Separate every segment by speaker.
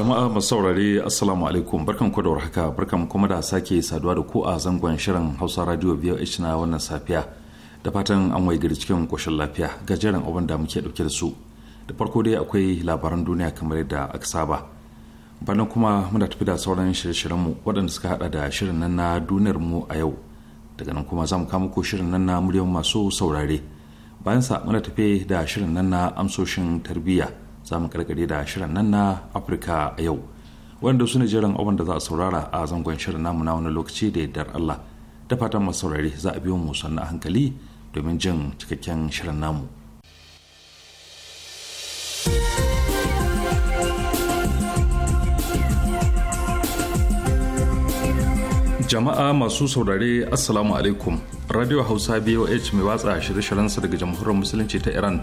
Speaker 1: jama'a masu saurare assalamu alaikum barkan ku da warhaka barkan kuma da sake saduwa da ku a zangon shirin hausa radio voh na wannan safiya da fatan an wai gari cikin koshin lafiya gajeren abin da muke dauke da su da farko dai akwai labaran duniya kamar yadda aka saba bayan kuma muna tafi da sauran shirye mu waɗanda suka haɗa da shirin nan na duniyar mu a yau daga nan kuma za mu kama ko shirin nan na muryar masu saurare bayan sa muna tafi da shirin nan na amsoshin tarbiyya za mu karkare da shirin nan na afirka a yau wanda su ne jiran abin da za a saurara a zangon shirin namu na wani lokaci da yardar allah da fatan masu saurari za a biyo mu sannan hankali domin jin cikakken shirin namu. jama'a masu saurare assalamu alaikum radio hausa boh mai watsa shirye-shiryensa daga jamhuriyar musulunci ta iran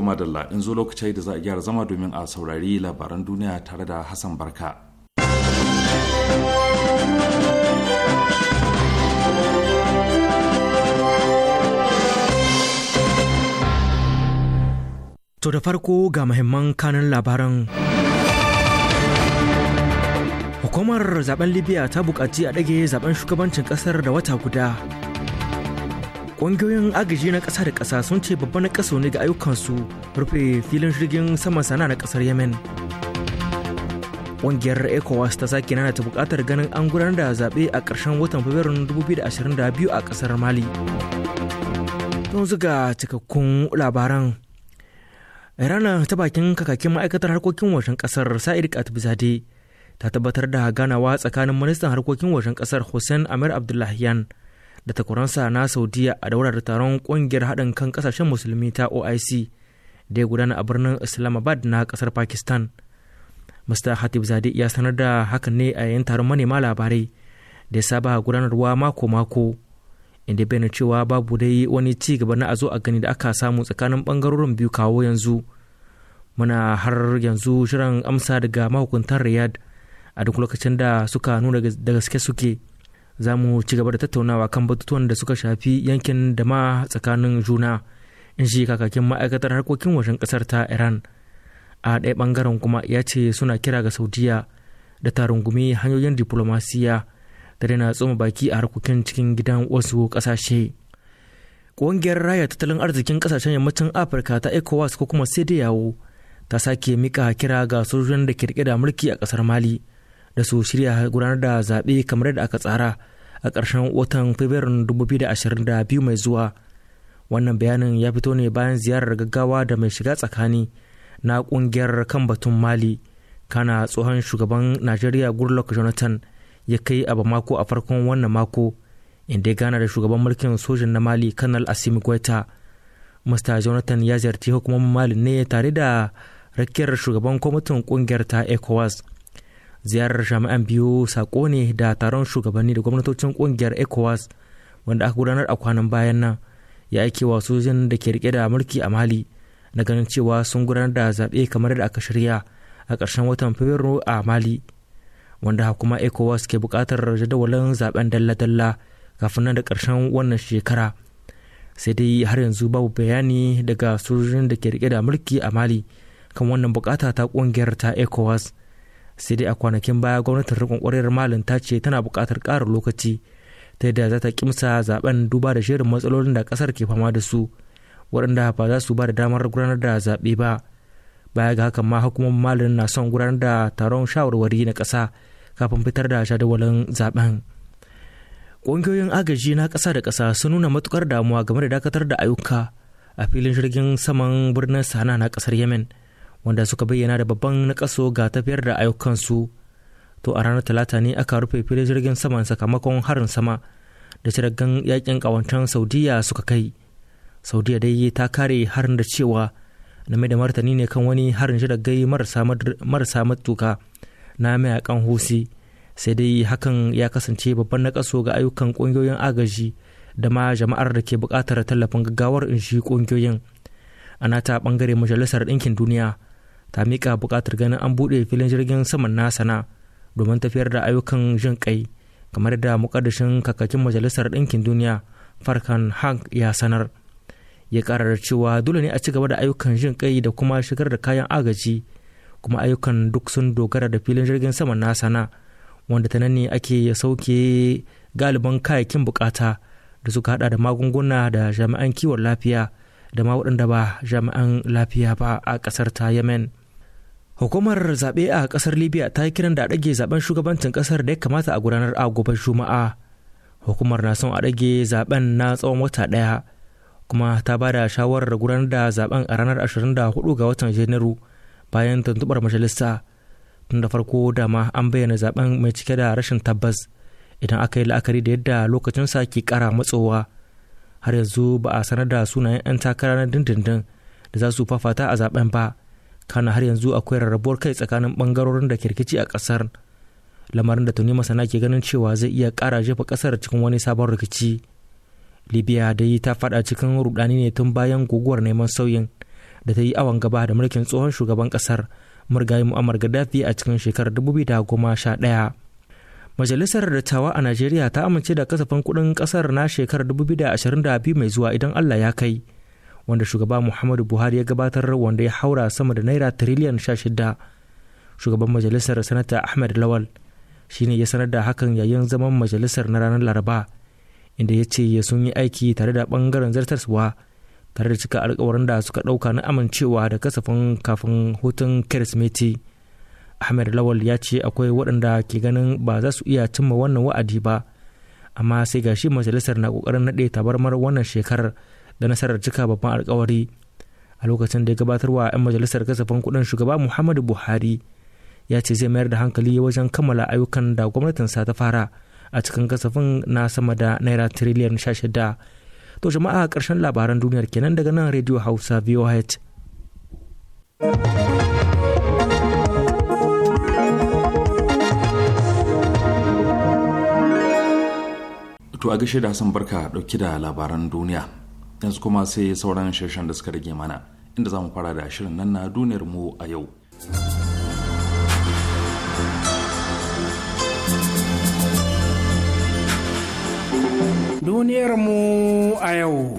Speaker 1: goma da in zo lokaci da za a gyara zama domin a saurari labaran duniya tare da hassan barka
Speaker 2: to da farko ga muhimman kanan labaran hukumar zaben libya ta buƙaci a ɗage zaben shugabancin ƙasar da wata guda ƙungiyoyin agaji na ƙasa da ƙasa sun ce babban kaso ne ga ayyukansu rufe filin jirgin saman sana na ƙasar yemen ƙungiyar ecowas ta sake nana ta buƙatar ganin an gudanar da zaɓe a ƙarshen watan fabrairun 2022 a ƙasar mali don zuga cikakkun labaran rana ta bakin kakakin ma'aikatar harkokin wajen kasar sa'id katibzade ta tabbatar da ganawa tsakanin ministan harkokin wajen ƙasar hussein amir abdullahiyan da takwaransa na saudiya a daular taron kungiyar haɗin kan ƙasashen musulmi ta oic da ya gudana a birnin islamabad na ƙasar pakistan mr hatib zadi ya sanar da hakan ne a yayin taron manema labarai da ya saba gudanarwa mako-mako inda bayyana cewa babu dai wani ci gaba na a a gani da aka samu tsakanin bangarorin biyu kawo yanzu muna har yanzu shirin amsa daga mahukuntan riyad a duk lokacin da suka nuna da gaske suke za mu ci gaba da tattaunawa kan batutuwan da suka shafi yankin da ma tsakanin juna in shi kakakin ma'aikatar harkokin wajen kasar ta iran a ɗaya ɓangaren kuma ya ce suna kira ga saudiya da ta rungumi hanyoyin diplomasiya da daina tsoma baki a harkokin cikin gidan wasu ƙasashe ƙungiyar raya tattalin arzikin ƙasashen yammacin afirka ta ecowas ko kuma sai yawo ta sake mika kira ga sojojin da ke da mulki a ƙasar mali da su shirya gudanar da zaɓe kamar da aka tsara a ƙarshen watan fabrairun 2022 mai zuwa wannan bayanin ya fito ne bayan ziyarar gaggawa da mai shiga tsakani na ƙungiyar kan batun mali kana tsohon shugaban najeriya goodluck jonathan ya kai a bamako a farkon wannan mako inda ya gana da shugaban mulkin sojin na mali kanal asimi goita mr jonathan ya ziyarci hukumomin mali ne tare da rakiyar shugaban kwamitin ƙungiyar ta ecowas ziyarar jami'an biyu sako ne da taron shugabanni da gwamnatocin kungiyar ecowas wanda aka gudanar a kwanan bayan nan ya aike wa sojin da ke rike da mulki a mali na ganin cewa sun gudanar da zaɓe kamar da aka shirya a ƙarshen watan fabrairu a mali wanda kuma ecowas ke buƙatar jadawalin zaben dalla-dalla kafin nan da ƙarshen wannan shekara sai dai har yanzu babu bayani daga sojojin da ke rike da mulki a mali kan wannan bukata ta ƙungiyar ta ecowas sai dai a kwanakin baya gwamnatin rikon kwarar malin ta ce tana buƙatar ƙarin lokaci ta yadda za ta kimsa zaben duba da shirin matsalolin da ƙasar ke fama da su waɗanda ba za su ba da damar gudanar da zaɓe ba baya ga hakan ma hukumar malin na son gudanar da taron shawarwari na ƙasa kafin fitar da jadawalin zaben ƙungiyoyin agaji na ƙasa da ƙasa sun nuna matukar damuwa game da dakatar da ayyuka a filin jirgin saman birnin sana na ƙasar yemen wanda suka bayyana da babban nakaso ga tafiyar da ayyukansu to a ranar talata ne aka rufe filin jirgin saman sakamakon harin sama da jiragen yakin kawancan saudiya suka kai saudiya dai ta kare harin da cewa na mai da martani ne kan wani harin jiragai marasa matuka na mayakan husi sai dai hakan ya kasance babban nakaso ga ayyukan ƙungiyoyin agaji da ma jama'ar da ke buƙatar tallafin gaggawar in shi ƙungiyoyin a nata ɓangare majalisar ɗinkin duniya ta miƙa buƙatar ganin an buɗe filin jirgin saman na domin tafiyar da ayyukan jin kai kamar da mukaddashin kakakin majalisar ɗinkin duniya farkan hank ya sanar ya ƙara da cewa dole ne a ci gaba da ayyukan jin kai da kuma shigar da kayan agaji kuma ayyukan duk sun dogara da filin jirgin saman na wanda ta nan ne ake ya sauke galiban kayakin bukata da suka hada da magunguna da jami'an kiwon lafiya da ma waɗanda ba jami'an lafiya ba a ƙasar ta yemen Hukumar zaɓe a ƙasar Libya ta yi kiran da a ɗage zaɓen shugabancin ƙasar da ya kamata a gudanar a gobe Juma'a. Hukumar na son a ɗage zaben na tsawon wata ɗaya kuma ta ba da shawarar gudanar da zaben a ranar 24 ga watan Janairu bayan tuntuɓar majalisa. Tun da farko dama an bayyana zaɓen mai cike da rashin tabbas idan aka yi la'akari da yadda lokacinsa ke ƙara matsowa. Har yanzu ba a sanar da sunayen 'yan takara na dindindin da za su fafata a zaɓen ba. kana har yanzu akwai rarrabuwar kai tsakanin bangarorin da kirkici a kasar lamarin da tuni masana ke ganin cewa zai iya kara jefa kasar cikin wani sabon rikici libya dai ta fada cikin rudani ne tun bayan guguwar neman sauyin da ta yi awon gaba da mulkin tsohon shugaban kasar murgayi mu'ammar gaddafi a cikin shekarar 2011 majalisar dattawa a najeriya ta amince da kasafin kuɗin kasar na shekarar 2022 mai zuwa idan allah ya kai wanda shugaba muhammadu buhari ya gabatar wanda ya haura sama da naira tiriliyan 16 shugaban majalisar sanata ahmed lawal shine ya sanar da hakan yayin zaman majalisar na ranar laraba inda ya ce ya sun yi aiki tare da bangaren zartarsuwa tare da cika alkawarin da suka dauka na amincewa da kasafin kafin hutun kirsimeti ahmed lawal ya ce akwai waɗanda ke ganin ba za su iya cimma wannan wa'adi ba amma sai gashi majalisar na ƙoƙarin naɗe tabarmar wannan shekarar da nasarar cika babban alkawari a lokacin da ya gabatar wa 'yan majalisar kasafin kuɗin shugaba muhammadu buhari ya ce zai mayar da hankali wajen kammala ayyukan da gwamnatinsa ta fara a cikin kasafin na sama da naira tiriliyan 16 to jama'a a ƙarshen labaran duniyar kenan daga nan radio hausa voh
Speaker 1: To a gashi da Hassan Barka dauki da labaran duniya. yanzu kuma sai sauran shirshen da suka rage mana inda za mu fara da shirin nan na duniyar mu a yau
Speaker 3: duniyar mu a yau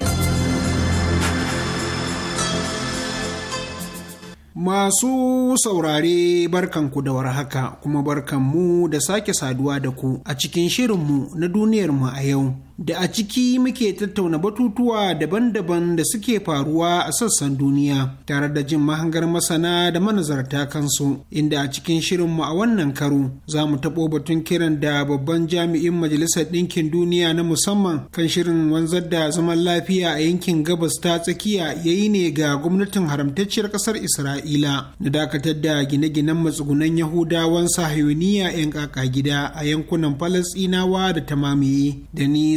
Speaker 3: Masu saurare barkanku da warhaka kuma barkanmu da sake saduwa da ku a cikin shirinmu na duniyar mu a yau. da a ciki muke tattauna batutuwa daban-daban da suke faruwa a sassan duniya tare da jin mahangar masana da manazarta kansu inda a cikin shirinmu a wannan karo za mu taɓo batun kiran da babban jami'in majalisar ɗinkin duniya na musamman kan shirin wanzar da zaman lafiya a yankin gabas ta tsakiya ya yi ne ga gwamnatin haramtacciyar ƙasar isra'ila da dakatar da gine-ginen matsugunan yahudawan sahiyoniya 'yan kaka gida a yankunan falasɗinawa da tamamiye da ni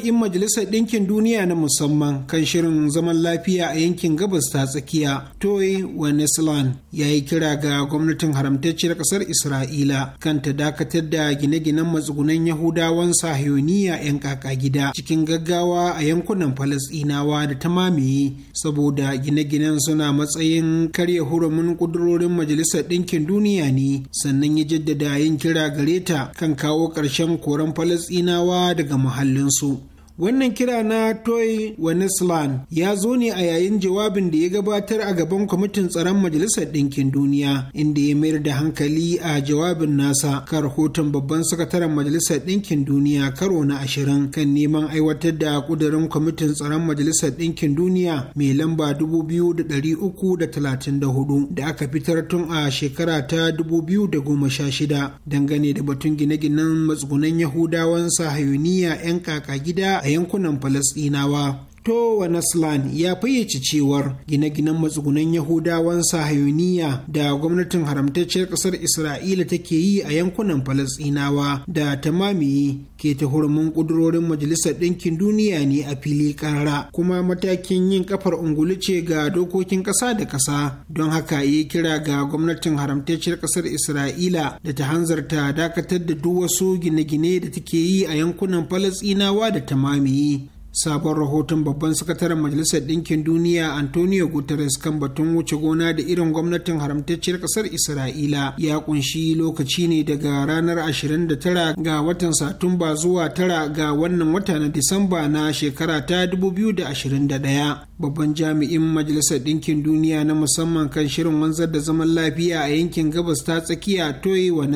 Speaker 3: jami'in Majalisar Ɗinkin Duniya na musamman kan shirin zaman lafiya a yankin gabas ta tsakiya, Toy Wenesland, ya yi kira ga gwamnatin haramtacciyar ƙasar Isra'ila kan ta dakatar da gine-ginen matsugunan Yahudawan Sahiyoniya 'yan kaka gida cikin gaggawa a yankunan Falasɗinawa da ta mamaye saboda gine-ginen suna matsayin karya hurumin ƙudurorin Majalisar Ɗinkin Duniya ne, sannan ya jaddada yin kira gare ta kan kawo ƙarshen koren Falasɗinawa daga muhallinsu. Wannan kira na Toy Wenislan ya zo ne a yayin jawabin da ya gabatar a gaban kwamitin tsaron Majalisar Ɗinkin Duniya, inda ya mayar da hankali a jawabin nasa kan rahoton babban sakataren Majalisar Ɗinkin Duniya karo na ashirin kan neman aiwatar da ƙudurin kwamitin tsaron Majalisar Ɗinkin Duniya mai lamba 2334 da aka fitar tun a shekara ta 2016 dangane da batun gine-ginen matsugunan Yahudawan Sahayuniya 'yan kaka gida a yankunan falasɗinawa Towa Naslan ya fayyace cewar gine-ginen matsugunan Yahudawan sahayuniya da gwamnatin haramtacciyar ƙasar Isra'ila take yi a yankunan Falasinawa, da Tamami ke ta hurumin ƙudurorin Majalisar Ɗinkin Duniya ne a fili ƙarara kuma matakin yin kafar ungulu ce ga dokokin ƙasa da ƙasa don haka ya kira ga gwamnatin haramtacciyar ƙasar Isra'ila da ta hanzarta dakatar da duk wasu gine-gine da take yi a yankunan Falasinawa da Tamami. sabon rahoton babban sakataren majalisar ɗinkin duniya antonio guterres kan batun wuce gona da irin gwamnatin haramtacciyar ƙasar isra'ila ya kunshi lokaci ne daga ranar 29 ga watan satumba zuwa 9 ga wannan wata na disamba na shekara ta 2021 babban jami'in majalisar ɗinkin duniya na musamman kan shirin wanzar da zaman lafiya a yankin gabas ta tsakiya toyi wa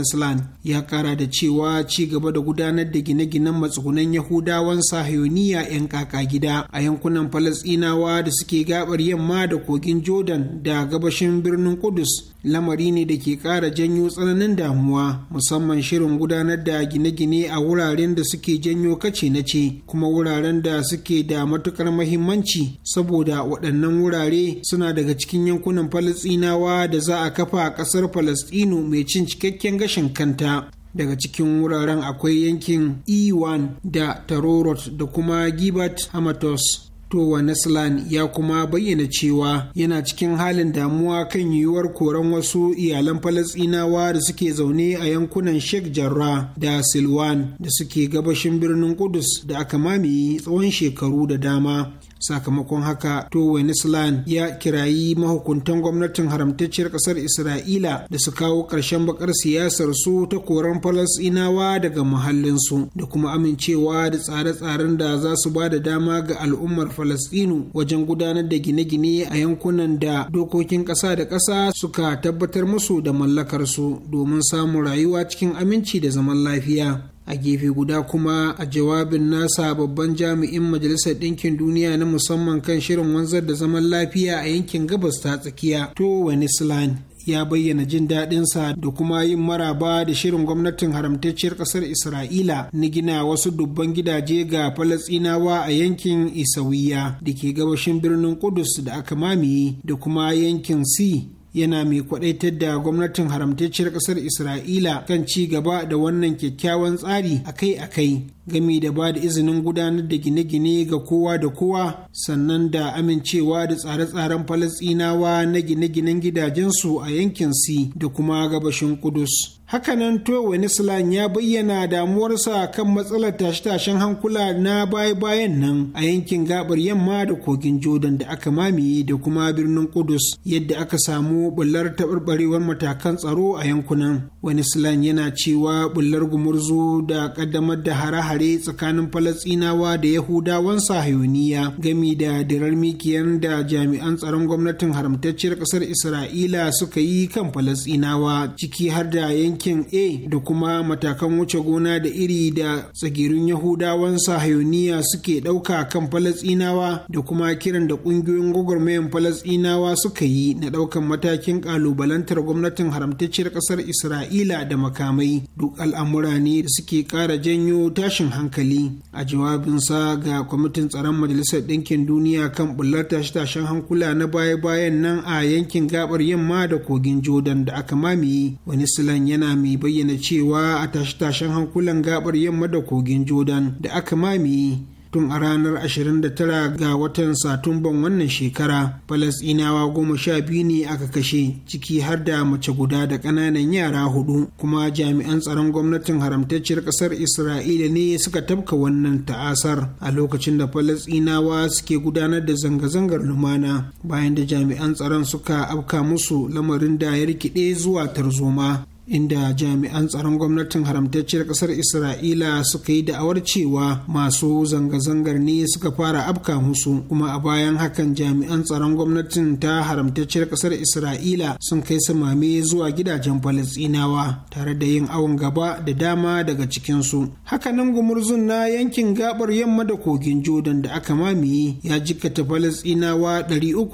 Speaker 3: ya kara da cewa ci gaba da gudanar da gine-ginen matsugunan yahudawan sahayoniya 'yan kaka gida a yankunan falasɗinawa da suke gabar yamma da kogin jordan da gabashin birnin kudus lamari ne da ke kara janyo tsananin damuwa musamman shirin gudanar da gine-gine a wuraren da suke janyo kace na ce kuma wuraren da suke da matukar mahimmanci saboda saboda waɗannan wurare suna daga cikin yankunan falasɗinawa da za a kafa a ƙasar falasɗinu mai cin cikakken gashin kanta daga cikin wuraren akwai yankin e1 da tarorot da kuma gibat hamatos Towa Neslan ya kuma bayyana cewa yana cikin halin damuwa kan yiwuwar koran wasu iyalan Falasɗinawa da suke zaune a yankunan Sheikh Jarrah da Silwan da suke gabashin birnin Kudus da aka mamaye tsawon shekaru da dama. sakamakon haka to Wenisland ya kirayi mahukuntan gwamnatin haramtacciyar kasar isra'ila da su kawo ƙarshen bakar siyasar su ta koran falasinawa daga muhallinsu da kuma amincewa da tsare-tsaren da za su ba da dama ga al'ummar falasinu wajen gudanar da gine-gine a yankunan da dokokin ƙasa da ƙasa suka tabbatar musu da mallakarsu domin samun rayuwa cikin aminci da zaman lafiya a gefe guda kuma a jawabin nasa babban jami'in majalisar ɗinkin duniya na musamman kan shirin wanzar da zaman lafiya a yankin gabas ta tsakiya to wenisland ya bayyana jin daɗinsa da kuma yin maraba da shirin gwamnatin haramtacciyar ƙasar isra'ila na gina wasu dubban gidaje ga falasinawa a yankin isawiya da ke gabashin birnin kudus da aka mamaye da kuma yankin si yana mai kwadaitar da gwamnatin haramtacciyar ƙasar isra'ila kan ci gaba da wannan kyakkyawan tsari akai-akai gami da ba da izinin gudanar da gine-gine ga kowa da kowa sannan da amincewa da tsare-tsaren falasinawa na gine-ginen gidajensu a yankin si da kuma gabashin kudus hakanan to Wenislan ya bayyana damuwarsa kan matsalar tashe-tashen hankula na baya-bayan nan a yankin gabar yamma da kogin jordan da aka mamaye da kuma birnin kudus yadda aka samu bullar taɓarɓarewar matakan tsaro a yankunan Wenislan yana cewa bullar gumurzu da ƙaddamar da hare hare-hare tsakanin falasinawa da yahudawan sahayoniya gami da dirar mikiyar da jami'an tsaron gwamnatin haramtacciyar ƙasar isra'ila suka yi kan falasinawa ciki har da yankin a da kuma matakan wuce gona da iri da tsagirin yahudawan sahayoniya suke ɗauka kan falasinawa da kuma kiran da ƙungiyoyin gwagwarmayan falasinawa suka yi na ɗaukan matakin ƙalubalantar gwamnatin haramtacciyar ƙasar isra'ila da makamai duk al'amura ne da suke kara janyo tashin tashin hankali a jawabinsa ga kwamitin tsaron majalisar ɗinkin duniya kan bullar tashe-tashen hankula na baya-bayan nan a yankin gabar yamma da kogin jordan da aka mamiye wani silan yana mai bayyana cewa a tashe-tashen hankulan gabar yamma da kogin jordan da aka mamiye tun a ranar 29 ga watan satumban wannan shekara falasinawa goma sha biyu ne aka kashe ciki har da mace guda da ƙananan yara hudu kuma jami'an tsaron gwamnatin haramtacciyar ƙasar isra'ila ne suka tabka wannan ta'asar a lokacin da falasinawa suke gudanar da zanga-zangar lumana bayan da jami'an tsaron suka afka musu lamarin da ya rikide zuwa tarzoma inda jami'an tsaron gwamnatin haramtacciyar kasar isra'ila suka yi da'awar cewa masu zanga-zangar ne suka fara afka musu kuma a bayan hakan jami'an tsaron gwamnatin ta haramtacciyar kasar isra'ila sun kai samame zuwa gidajen falastinawa tare da yin awon gaba da dama daga cikinsu hakanan gumurzun na yankin gabar yamma da kogin jordan da aka mamaye ya jikkata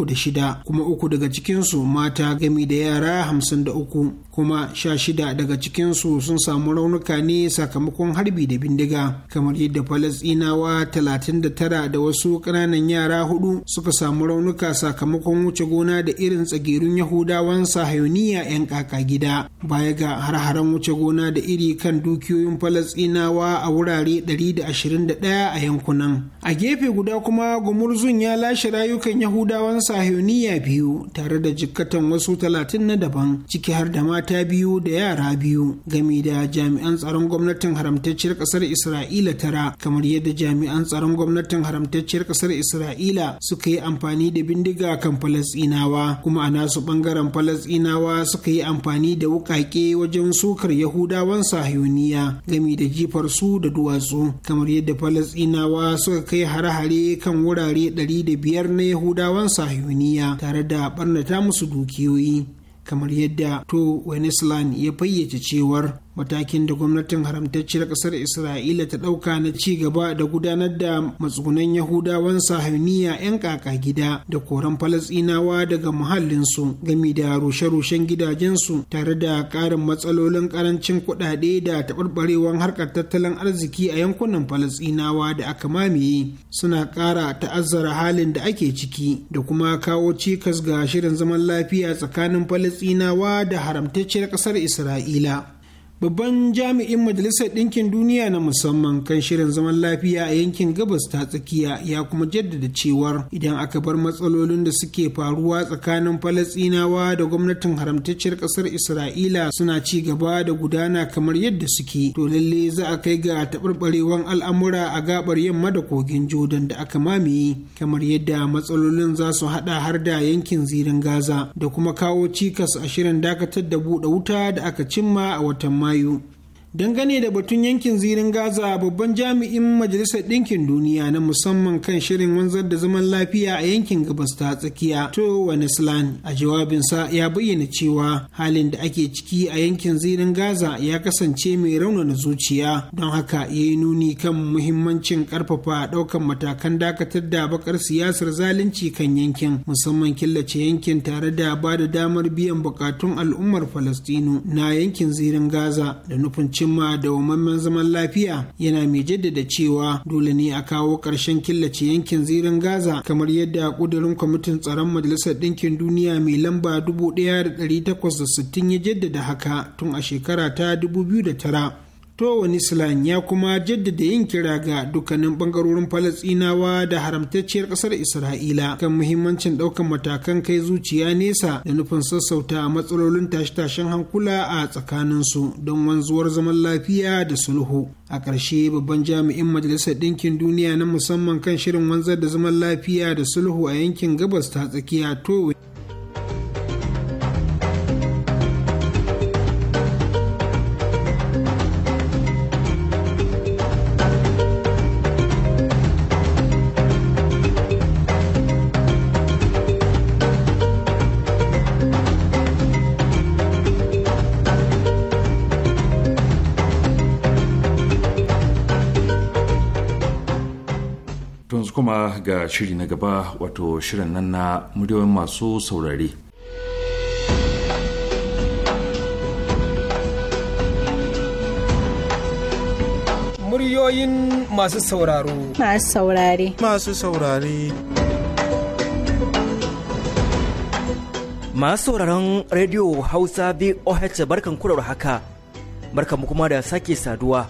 Speaker 3: da shida kuma uku daga cikinsu mata gami da yara hamsin da uku kuma 16 shida daga cikinsu sun samu raunuka ne sakamakon harbi da bindiga kamar yadda falasinawa talatin da tara da wasu ƙananan yara hudu suka samu raunuka sakamakon wuce gona da irin tsagerun yahudawan sahayoniya 'yan kaka gida baya ga har wuce gona da iri kan dukiyoyin falasɗinawa a wurare 121 a yankunan a gefe guda kuma gumurzun ya lashe rayukan yahudawan sahayoniya biyu tare da jikkatan wasu talatin na daban ciki har da mata biyu da yara biyu gami da jami'an tsaron gwamnatin haramtacciyar kasar isra'ila tara kamar yadda jami'an tsaron gwamnatin haramtacciyar kasar isra'ila suka yi amfani da bindiga kan falasinawa kuma a nasu bangaren falasinawa suka yi amfani da wukake wajen sukar yahudawan sahiyoniya gami da jifar su da duwatsu kamar yadda falasinawa suka kai hare-hare kan wurare 500 na yahudawan sahiyoniya tare da barnata musu dukiyoyi kamar yadda to Wenisland ya fayyace cewar matakin da gwamnatin haramtacciyar ƙasar isra'ila ta ɗauka na ci gaba da gudanar da matsugunan yahudawan sahaniya 'yan kaka gida da koran falasinawa daga muhallinsu gami da rushe-rushen gidajensu tare da ƙarin matsalolin ƙarancin kuɗaɗe da taɓarɓarewar harkar tattalin arziki a yankunan falasinawa da aka mamaye suna ƙara ta'azzara halin da ake ciki da kuma kawo cikas ga shirin zaman lafiya tsakanin falasinawa da haramtacciyar ƙasar isra'ila babban jami'in majalisar ɗinkin duniya na musamman kan shirin zaman lafiya a yankin gabas ta tsakiya ya kuma jaddada cewar idan aka bar matsalolin da suke faruwa tsakanin falasinawa da gwamnatin haramtacciyar ƙasar isra'ila suna ci gaba da gudana kamar yadda suke to lalle za a kai ga taɓarɓarewan al'amura a gabar yamma da kogin jordan da aka mamaye kamar yadda matsalolin za su haɗa har da yankin zirin gaza da kuma kawo cikas a shirin dakatar da buɗe wuta da aka cimma a watan maio dangane da batun yankin zirin gaza babban jami'in majalisar ɗinkin duniya na musamman kan shirin wanzar da zaman lafiya a yankin gabas ta tsakiya to wanislan a jawabinsa ya bayyana cewa halin da ake ciki a yankin zirin gaza ya kasance mai raunana zuciya don haka ya yi nuni kan muhimmancin karfafa ɗaukan matakan dakatar da bakar siyasar zalunci kan yankin musamman killace yankin tare da ba da damar biyan bukatun al'ummar falastinu na yankin zirin gaza da nufin da dawwammamen zaman lafiya yana mai jaddada cewa dole ne a kawo ƙarshen killace yankin zirin gaza kamar yadda ƙudurin kwamitin tsaron majalisar ɗinkin duniya mai lamba 1860 ya jaddada haka tun a shekara ta 2009 towan islam ya kuma jaddada yin kira ga dukkanin bangarorin falasinawa da haramtacciyar ƙasar isra'ila kan muhimmancin daukan matakan kai zuciya nesa da nufin sassauta matsalolin tashe-tashen hankula a tsakaninsu don wanzuwar zaman lafiya da sulhu a ƙarshe babban jami'in majalisar ɗinkin duniya na musamman kan shirin wanzar da zaman lafiya da sulhu a yankin gabas ta tsakiya towe
Speaker 1: kuma ga shiri na gaba wato shirin nan na muryoyin masu saurare.
Speaker 3: Muryoyin masu sauraro.
Speaker 4: Masu saurare. Masu saurare.
Speaker 2: Masu sauraron Radio Hausa BOH barkan kurar haka, barkan kuma da sake saduwa.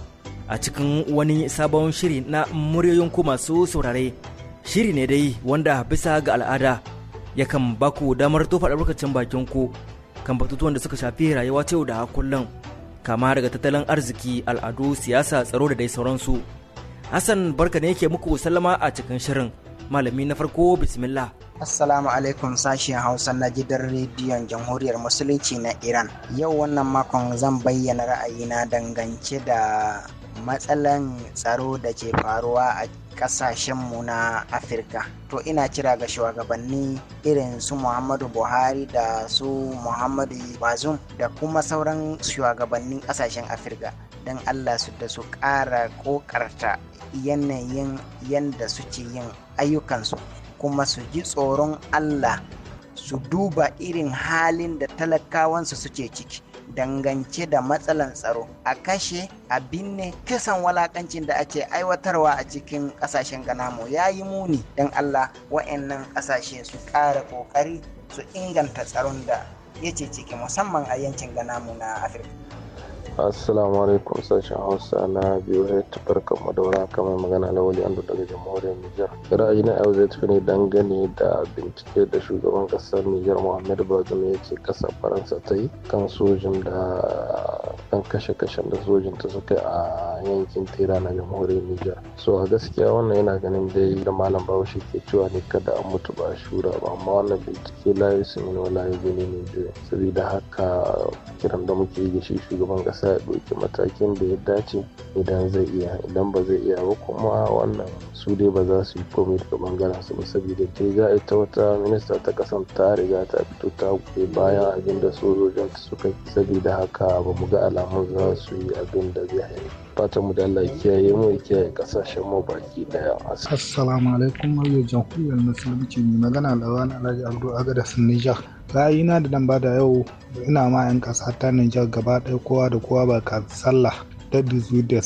Speaker 2: a cikin wani sabon shiri na muryoyin ku masu saurare. Shiri ne dai wanda bisa ga al'ada ya yakan baku damar tofa albarkacin bakin ku kan batutuwan da suka shafi rayuwa ta yau da kullum kama daga tattalin arziki al'adu siyasa tsaro da dai sauransu. Hassan barka ne yake muku sallama a cikin shirin malami
Speaker 5: na farko bismillah. Assalamu alaikum sashen Hausa na gidan rediyon Jamhuriyar Musulunci na Iran. Yau wannan makon zan bayyana ra'ayina dangance da matsalan tsaro da ke faruwa a kasashenmu na afirka to ina kira ga shugabanni irin su muhammadu buhari da su muhammadu bazum da kuma sauran shugabannin ƙasashen afirka don allah su da su ƙara ƙoƙarta yanayin yadda suke yin ayyukansu kuma su ji tsoron allah su duba irin halin da talakawansu suke ciki dangance da matsalan tsaro a kashe a binne kisan walakancin da ake aiwatarwa a cikin kasashen ganamu ya yi muni don allah wa'annan ƙasashe su ƙara ƙoƙari su inganta tsaron da ya ciki musamman a yankin ganamu na afirka
Speaker 6: assalamu alaikum sashen hausa na biyu ya tafar kama kamar magana na lawali an daga jamhuriyar nijar ra'ayi na yau zai tafi ne dangane da bincike da shugaban kasar nijar muhammad bazoum ya ce kasar faransa ta yi kan sojin da kan kashe-kashen da sojin ta suka a yankin tera na jamhuriyar nijar so a gaskiya wannan yana ganin dai da malam bahaushe ke cewa ne kada a mutu ba shura ba amma wannan bincike layu sun yi wa layu ne ne haka kiran da muke yi shi shugaban kasa ya ɗauki matakin da ya dace idan zai iya idan ba zai iya ba kuma wannan su dai ba za su yi komai daga bangaren su ba saboda ta a ita wata minista ta kasan ta riga ta fito ta goyi bayan abin da sojojin suka yi saboda haka ba mu ga alamun za su yi abin da zai haifa fatan mu da Allah kiyaye mu ya kiyaye kasashen mu baki daya.
Speaker 7: Assalamu alaikum wa jamhuriyar
Speaker 3: musulunci mai magana Lawan Alhaji Abdu Aga da Nijar. na da dan bada yau ina ma 'yan kasa ta Nijar gaba ɗaya kowa da kowa ba ka sallah da dizu da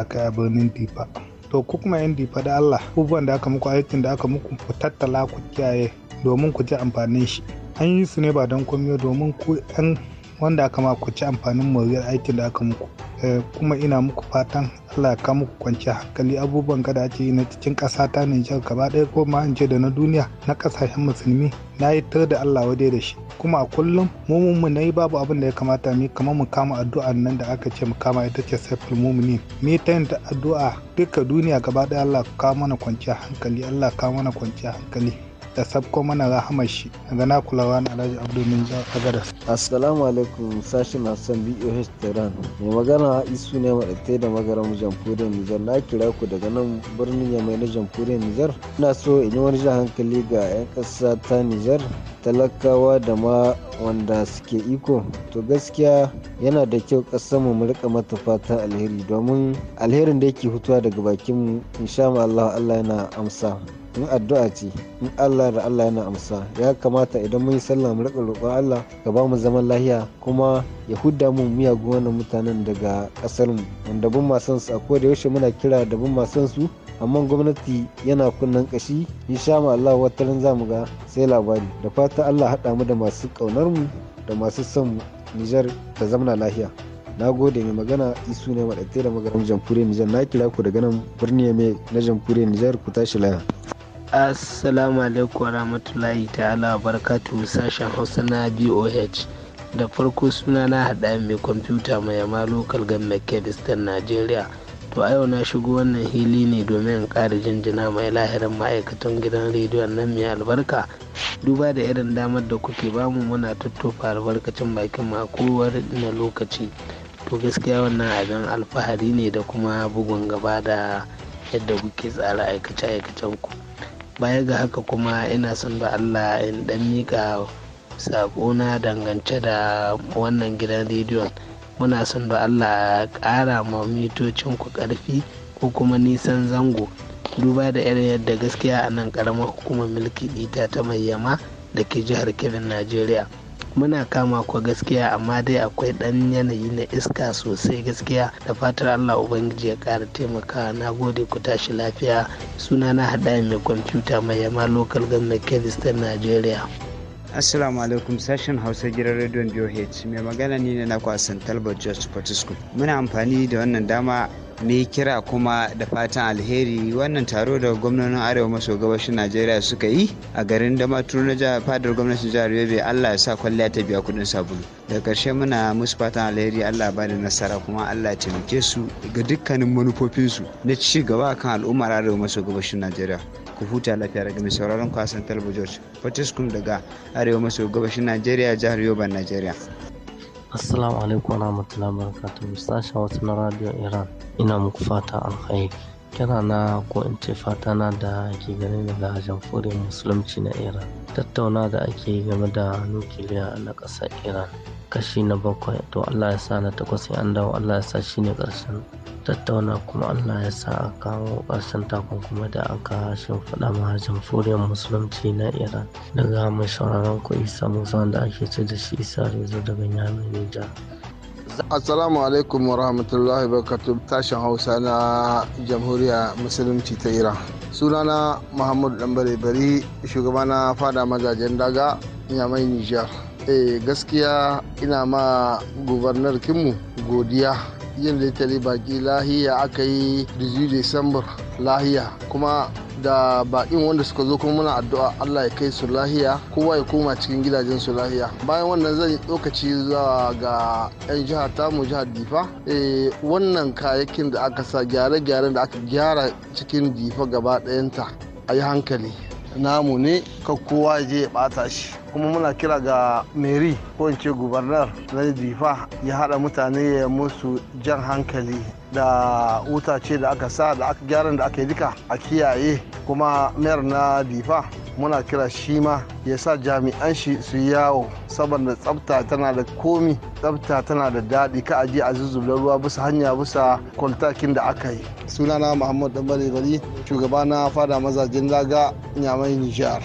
Speaker 3: aka yi a birnin Difa. To ku kuma 'yan Difa da Allah abubuwan da aka muku aikin da aka muku ku tattala ku kiyaye domin ku ji amfanin shi. An yi su ne ba don komiyo domin ku 'yan wanda aka ma ku ci amfanin moriyar aikin da aka muku eh, kuma ina muku fatan allah ka muku kwanciya hankali abubuwan gada ake yi na cikin ƙasa ta nijar gaba ɗaya ko ma in ce da na duniya na ƙasashen musulmi na yi tar da allah waje da shi kuma a kullum mumun mu na yi babu abin da ya kamata mu kamar mu kama addu'a nan da aka ce mu kama ita ce saiful mumini mu ta yin addu'a duka duniya gaba ɗaya allah ka mana kwanciya hankali allah ka mana kwanciya hankali da sabko mana a mashi daga na kulawa na alhaji abdul minja agadas
Speaker 6: assalamu alaikum sashen hassan boh tehran mai magana isu ne maɗaɗai da magaran jamhuriyar nijar na kira ku daga nan birnin yamai na jamhuriyar nizar ina so in yi wani jan hankali ga 'yan ƙasa ta nijar talakawa da ma wanda suke iko to gaskiya yana da kyau ƙasar mu rika mata fata alheri domin alherin da yake hutuwa daga bakin mu insha Allah Allah yana amsa in addu'a ce in Allah da Allah yana amsa ya kamata idan mun yi sallah mu rika roƙon Allah ka ba mu zaman lahiya kuma ya huda mu miyagun wannan mutanen daga ƙasar mu wanda bin masan su ko da yaushe muna kira da bin masan su amma gwamnati yana kunnen kashi sha mu Allah wataran za mu ga sai labari da fatan Allah haɗa mu da masu ƙaunar mu da masu son mu Nijar ta zamana lahiya. na gode mai magana isu ne maɗaɗe da magaram jamfure nijar na kira ku daga nan birni mai na jamfure nijar ku tashi laya assalamu
Speaker 8: alaikum warahmatullahi ta'ala barkatu sashen hausa na boh da farko suna na haɗa mai kwamfuta mai yama lokal government kebistan najeriya to a yau na shigo wannan hili ne domin in ƙara jinjina mai lahirin ma'aikatan gidan rediyon nan mai albarka duba da irin damar da kuke bamu muna tuttufa albarkacin bakin makowar na lokaci to gaskiya wannan abin alfahari ne da kuma bugun gaba da yadda kuke tsara aikace-aikacen ku baya ga haka kuma ina son da allah in dan mika sakona dangance da wannan gidan rediyon muna son da allah ƙara ma mitocin ku ƙarfi ko kuma nisan zango duba da irin yadda gaskiya a nan ƙaramar hukumar mulki ita ta mayyama da ke jihar kebin najeriya muna kama ku gaskiya amma dai akwai dan yanayi na iska sosai gaskiya da fatar allah ubangiji ya kara taimakawa na gode ku tashi lafiya suna na hada mai kwamfuta mai yama local government kedistan nigeria Assalamu alaikum sashen Hausa gidan rediyon bioh mai magana ne na kwasan Talbot George Fortescue. Muna amfani da wannan dama mai kira kuma da fatan alheri wannan taro da gwamnonin arewa maso gabashin najeriya suka yi a garin damaturu na fadar gwamnatin jihar yobe allah ya sa kwalliya ta biya kudin sabulu da karshe muna musu fatan alheri allah ba da nasara kuma allah ya taimake su ga dukkanin manufofinsu na ci gaba kan al'ummar arewa maso gabashin najeriya ku huta lafiya daga mai sauraron kwasan George, fatiskum daga arewa maso gabashin najeriya jihar yobe najeriya Assalamu alaikum warahmatullahi wabarakatuh sashen wasu na radio Iran ina muku fata alkhairi kira na ko in ce fata na da ke gani daga jamhuriyar musulunci na Iran tattauna da ake game da nukiliya na ƙasar Iran kashi na bakwai to Allah ya sa na takwas an dawo Allah ya sa shi ne ƙarshen tattauna kuma Allah ya sa a kawo ƙarshen kuma da aka shimfiɗa ma jamhuriyar musulunci na Iran daga mai shawararren ku Isa Musa wanda ake ce da shi Isa Rezo daga yamin Nijar.
Speaker 7: Assalamu alaikum wa rahmatullahi wa tashin Hausa na Jamhuriya Musulunci ta Iran. Sunana Muhammadu Dambare Bari, shugaba na fada mazajen daga Nyamai Nijar. eh gaskiya ina ma gubernar kinmu godiya yin litali baki lahiya aka yi Disambar lahiya kuma da bakin wanda suka zo kuma muna addu'a Allah ya kai su lahiya kowa ya koma cikin gidajen su lahiya bayan wannan zan yi zuwa ga yan jiha mu jihar difa eh, wannan kayakin da aka sa gyare gyare da aka gyara cikin difa gaba ɗayanta a yi hankali namu ne ka kowa je ya ɓata shi kuma muna kira ga meri ko in ce gubernar na difa ya hada mutane ya musu jan hankali da wuta ce da aka sa da aka gyaran da aka yi duka a kiyaye kuma mayar na difa muna kira shi ma ya sa jami'an shi su yawo saboda tsafta tana da komi tsafta tana da daɗi ka aji a zuzubar ruwa bisa hanya bisa kwaltakin da aka yi sunana muhammad dambare gari shugaba na fada mazajen laga nyamai nijar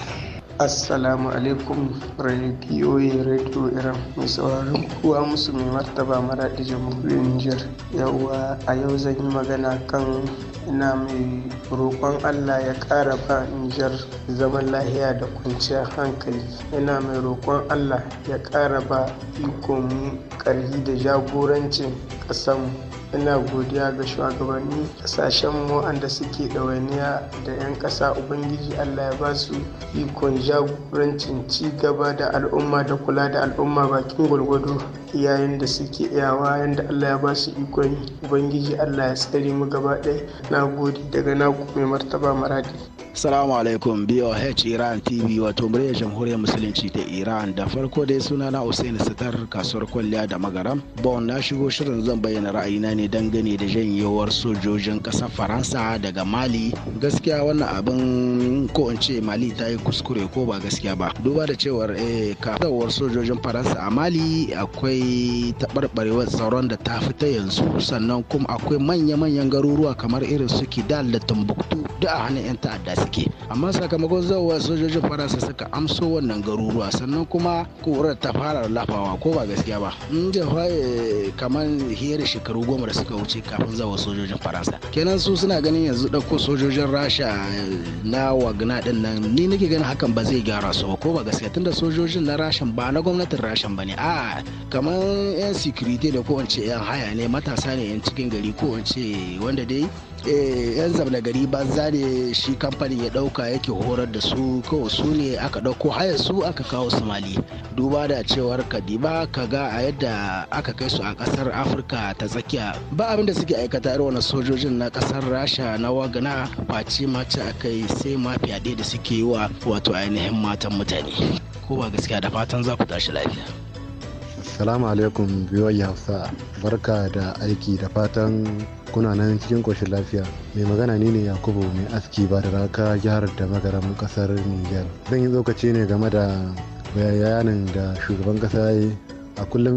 Speaker 3: Assalamu alaikum radiyoyi radio Iran mai sauraron kuwa musu mai martaba mara maraɗi jamhuriyar Nijar. Yawwa a yau zan yi magana kan ina mai roƙon Allah ya ƙara ba Nijar zaman lahiya da kwanciyar hankali. Ina mai roƙon Allah ya ƙara ba ikon ƙarfi da jagorancin ƙasanmu? ina godiya ga
Speaker 5: kasashen mu da suke ɗawainiya da 'yan ƙasa ubangiji allah ya ba su
Speaker 3: ikon jagorancin ci gaba da al'umma da kula da al'umma bakin gwalgwado yayin da suke iyawa yadda allah ya ba su ikon ubangiji allah ya tsare mu
Speaker 5: gaba ɗaya na gode daga naku mai martaba maradi Salamu alaikum BOH Iran TV wato murya jamhuriyar musulunci ta Iran da farko dai suna na Hussein Sitar kasuwar kwalliya da magaram. Bon na shigo shirin zan bayyana ra'ayina ne dangane da janyewar sojojin ƙasar Faransa daga Mali. Gaskiya wannan abin ko in ce Mali ta yi kuskure ko ba gaskiya ba. Duba da cewar eh sojojin Faransa a Mali akwai taɓarɓarewar tsaron da ta fita yanzu sannan kuma akwai manya-manyan garuruwa kamar irin su Kidal da tumbuktu duk a hannun 'yan ta'adda suke amma sakamakon zawowa sojojin faransa suka amso wannan garuruwa sannan kuma korar ta fara lafawa ko ba gaskiya ba in da kamar hiyar shekaru goma da suka wuce kafin zawo sojojin faransa kenan su suna ganin yanzu dauko sojojin rasha eh, na wagna din nan ni nake ganin hakan ba zai gyara su ba ko ba gaskiya tunda sojojin na rashin ba na gwamnatin rashin ba ne a kamar yan security da kowace yan haya ne matasa ne yan cikin gari kowace wanda dai yan eh, zabna gari ba za ne shi kamfani tsari ya ɗauka yake horar da su kawai su ne aka ɗauko hayar su aka kawo somali duba da cewar kadiba ka ga a yadda aka kai su a kasar afirka ta tsakiya ba abinda da suke aikata irin sojojin na kasar rasha na wagana face mace a kai sai ma fyaɗe da suke yi wa wato ainihin matan mutane ko ba gaskiya da fatan za ku tashi lafiya
Speaker 9: Assalamu alaikum biyoyi Hausa. Barka da aiki da fatan kuna nan cikin ƙoshin lafiya. Mai magana ni ne Yakubu mai aski ba da raka jihar da magaram kasar Niger. Zan yi tsokaci ne game da bayanin da shugaban kasa ya yi a kullum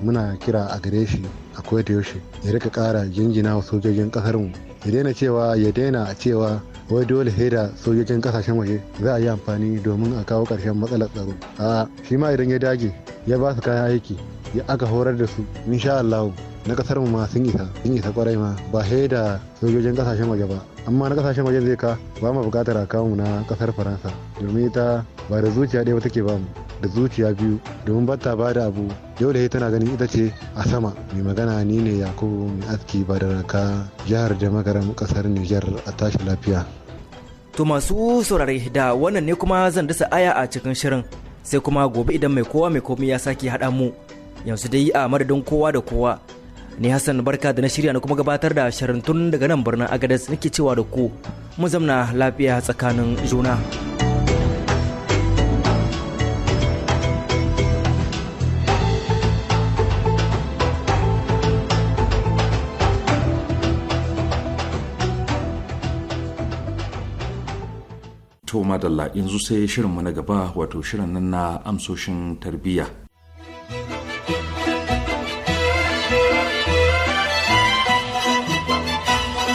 Speaker 9: muna kira a gare shi a yaushe ya rika kara jinjina sojojin kasar mu ya daina cewa ya daina cewa wai dole sai da sojojin kasashen waje za a yi amfani domin a kawo ƙarshen matsalar tsaro a shi ma idan ya dage ya ba su kayan aiki ya aka horar da su insha Allah na kasar mu ma sun isa sun isa kwarai ma ba sai da sojojin kasashen waje ba amma na kasashen waje zai ka ba mu bukatar a kawo mu na kasar faransa domin ita ba da zuciya ɗaya ba take ba mu da zuciya biyu domin ta ba da abu yau da tana ganin ita ce a sama mai magana ni ne yakubu mai aski ba da raka jihar jamagaram kasar niger a tashi lafiya
Speaker 2: To masu saurari da wannan ne kuma zan dasa aya a cikin shirin sai kuma gobe idan mai kowa mai komai ya sake haɗa mu yanzu dai a madadin kowa da kowa. Ni Hassan barka da na shirya na kuma gabatar da shirin tun daga nan birnin Agadez nake cewa da ku mu zamna lafiya tsakanin juna.
Speaker 1: to madalla zu sai shirinmu na gaba wato shirin nan na amsoshin tarbiyya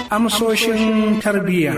Speaker 3: amsoshin tarbiyya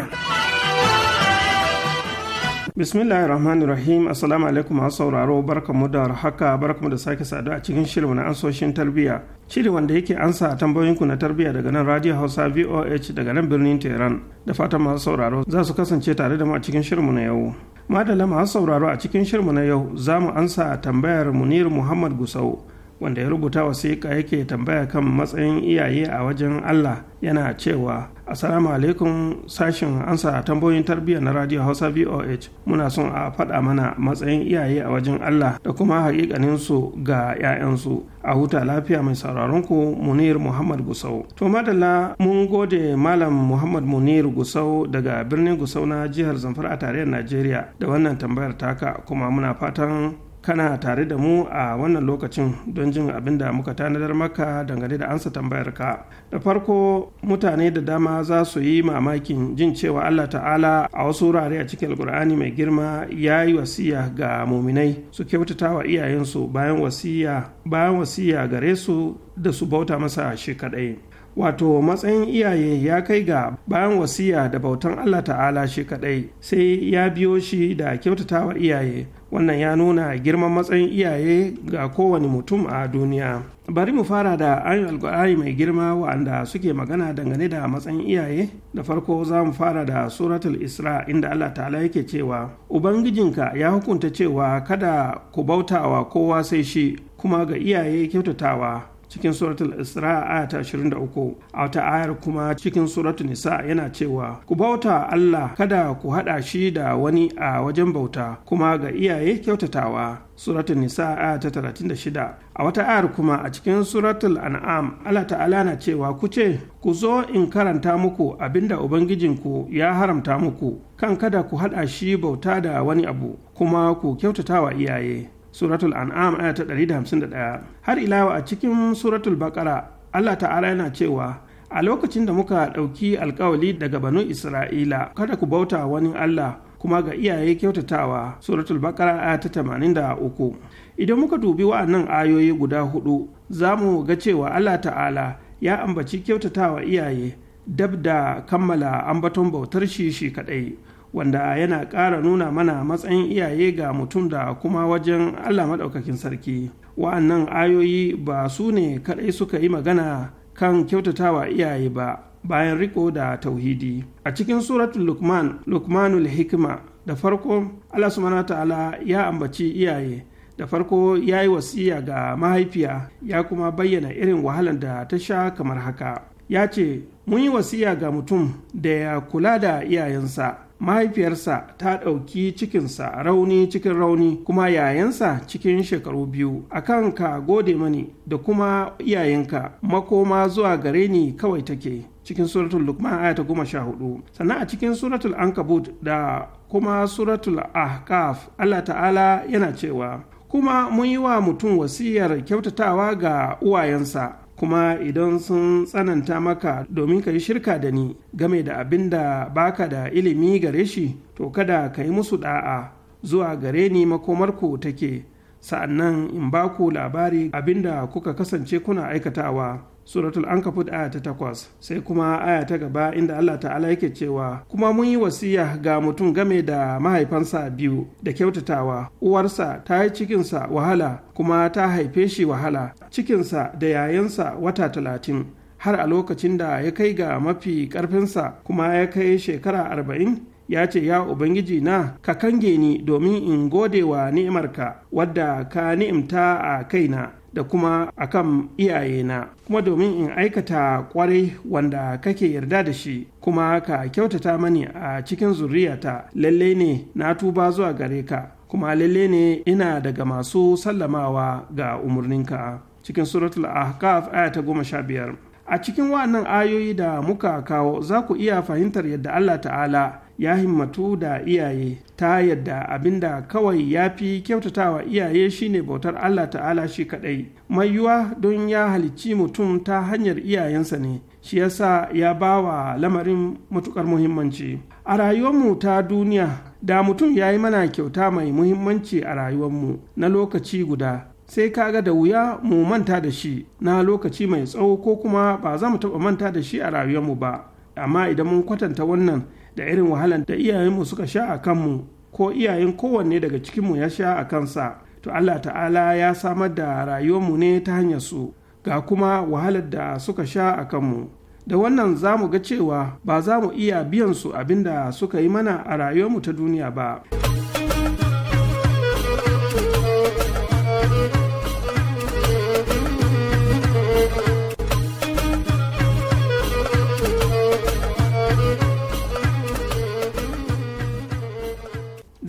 Speaker 10: Bismillahi rahmanir rahim assalamu alaikum masu sauraro mu da haka barkamu da sake saduwa a cikin shirin na ansoshin tarbiyya shiri wanda yake ansa a tambayoyinku na tarbiyya daga nan radio hausa voh daga nan birnin tehran da fatan masu sauraro za su kasance tare da mu a cikin mu na yau madalla masu sauraro a cikin mu na yau za mu ansa tambayar munir muhammad gusau wanda ya rubuta wasiƙa yake tambaya kan matsayin iyaye a wajen Allah yana cewa Assalamu alaikum sashin ansa tambayoyin tarbiyya na Radio Hausa VOH muna son a faɗa mana matsayin iyaye a wajen Allah da kuma haƙiƙanin su ga 'ya'yansu a huta lafiya mai sauraron ku Munir Muhammad Gusau. To madalla mun gode Malam Muhammad Munir Gusau daga birnin Gusau na jihar Zamfara a tarayyar Najeriya da wannan tambayar taka kuma muna fatan kana tare da mu a wannan lokacin don jin abin da muka tanadar maka dangane da ansa tambayar ka da farko mutane da dama za su yi mamakin jin cewa allah ta'ala a wasu wurare a cikin alkur'ani mai girma ya yi wasiya ga muminai su kyautata wa iyayensu bayan wasiya bayan wasiya gare su da su bauta masa shi kaɗai wato matsayin iyaye ya kai ga bayan wasiya da bautan allah ta'ala shi kaɗai sai ya biyo shi da kyautatawa iyaye wannan ya nuna girman matsayin iyaye ga kowane mutum a duniya bari mu fara da ayin alkur'ani mai girma wa'anda suke magana dangane da matsayin iyaye da farko za mu fara da suratul isra inda allah ta'ala yake cewa ubangijinka ya hukunta cewa kada ku bautawa kowa sai shi kuma ga iyaye kyautatawa cikin suratul isra aya ta 23 a wata ayar kuma cikin suratul nisa yana cewa ku bauta Allah kada ku hada shi da wani a wajen bauta kuma ga iyaye kyautatawa suratul nisa aya ta 36 a wata ayar kuma a cikin suratul an'am Allah ta'ala na cewa ku ce ku zo in karanta muku abinda ubangijinku ya haramta muku kan kada ku hada shi bauta da wani abu kuma ku kyautatawa iyaye suratul an'am aya ta 151 har ilawa a cikin suratul bakara allah ta'ala yana cewa a lokacin da muka ɗauki alkawali daga banu isra'ila kada ku bauta wani allah kuma ga iyaye kyautatawa suratul bakara aya ta 83 idan muka dubi wa'annan ayoyi guda hudu za mu ga cewa allah ta'ala ya ambaci kyautatawa iyaye dab da kammala ambaton bautar shi shi kadai wanda yana ƙara nuna mana matsayin iyaye ga mutum da kuma wajen Allah maɗaukakin sarki. Wa'annan ayoyi ba su ne kaɗai suka yi magana kan kyautatawa iyaye ba bayan riko da tauhidi. A cikin suratul Lukman, Lukmanul Hikima da farko Allah subhanahu ta'ala ya ambaci iyaye da farko ya yi wasiya ga mahaifiya ya kuma bayyana irin wahalar da ta sha kamar haka. Ya ce, Mun yi wasiya ga mutum da ya kula da iyayensa mahaifiyarsa ta ɗauki cikinsa rauni cikin rauni kuma yayansa cikin shekaru biyu akan ka gode mani da kuma iyayenka makoma zuwa gare ni kawai take cikin suratul lukman aya ta goma sha hudu sannan a cikin suratul ankabut da kuma suratul ahkaf allah ta'ala yana cewa kuma mun yi wa mutum wasiyar kyautatawa ga uwayensa kuma idan sun tsananta maka domin ka yi shirka da ni game da abin da baka da ilimi gare shi to kada ka yi musu da'a zuwa gare ni makomarku take sa'annan in ba ku labari abin da kuka kasance kuna aikatawa suratul ankafut aya ta takwas sai kuma aya ta gaba inda allah ta'ala yake cewa kuma mun yi wasiya ga mutum game da mahaifansa biyu da kyautatawa uwarsa ta yi cikinsa wahala kuma ta haife shi wahala cikinsa da yayansa wata talatin har a lokacin da ya kai ga mafi karfinsa kuma ya kai shekara arba'in ya ce ya ubangiji na ka kange ni domin in gode wa ni'imarka wadda ka ni'imta a kaina da kuma akan na. kuma domin in aikata kwarai wanda kake yarda da shi kuma ka kyautata mani a cikin zuriyata lalle ne na tuba zuwa gare ka kuma lalle ne ina daga masu sallamawa ga umarninka cikin suratul ahqaf aya ta goma sha biyar a cikin wannan ayoyi da muka kawo za ku iya fahimtar yadda allah ta'ala ya himmatu da iyaye ta yadda abinda kawai ya fi kyautatawa iyaye shine bautar Allah ta'ala shi kadai mai don ya halicci mutum ta hanyar iyayensa ne shi yasa ya ba wa lamarin matukar muhimmanci a rayuwarmu ta duniya da mutum ya yi mana kyauta mai muhimmanci a rayuwarmu na lokaci guda sai kaga da wuya mu manta da shi na lokaci mai tsawo ko kuma ba za mu taɓa manta da shi a rayuwarmu ba amma idan mun kwatanta wannan da irin wahalar da iyayenmu suka sha a kanmu ko iyayen kowanne daga cikinmu ya sha a kansa to Allah ta'ala ya samar da rayuwar mu ne ta hanyar su ga kuma wahalar da suka sha a kanmu da wannan za mu ga cewa ba za mu iya biyan su abinda suka yi mana a rayuwarmu ta duniya ba.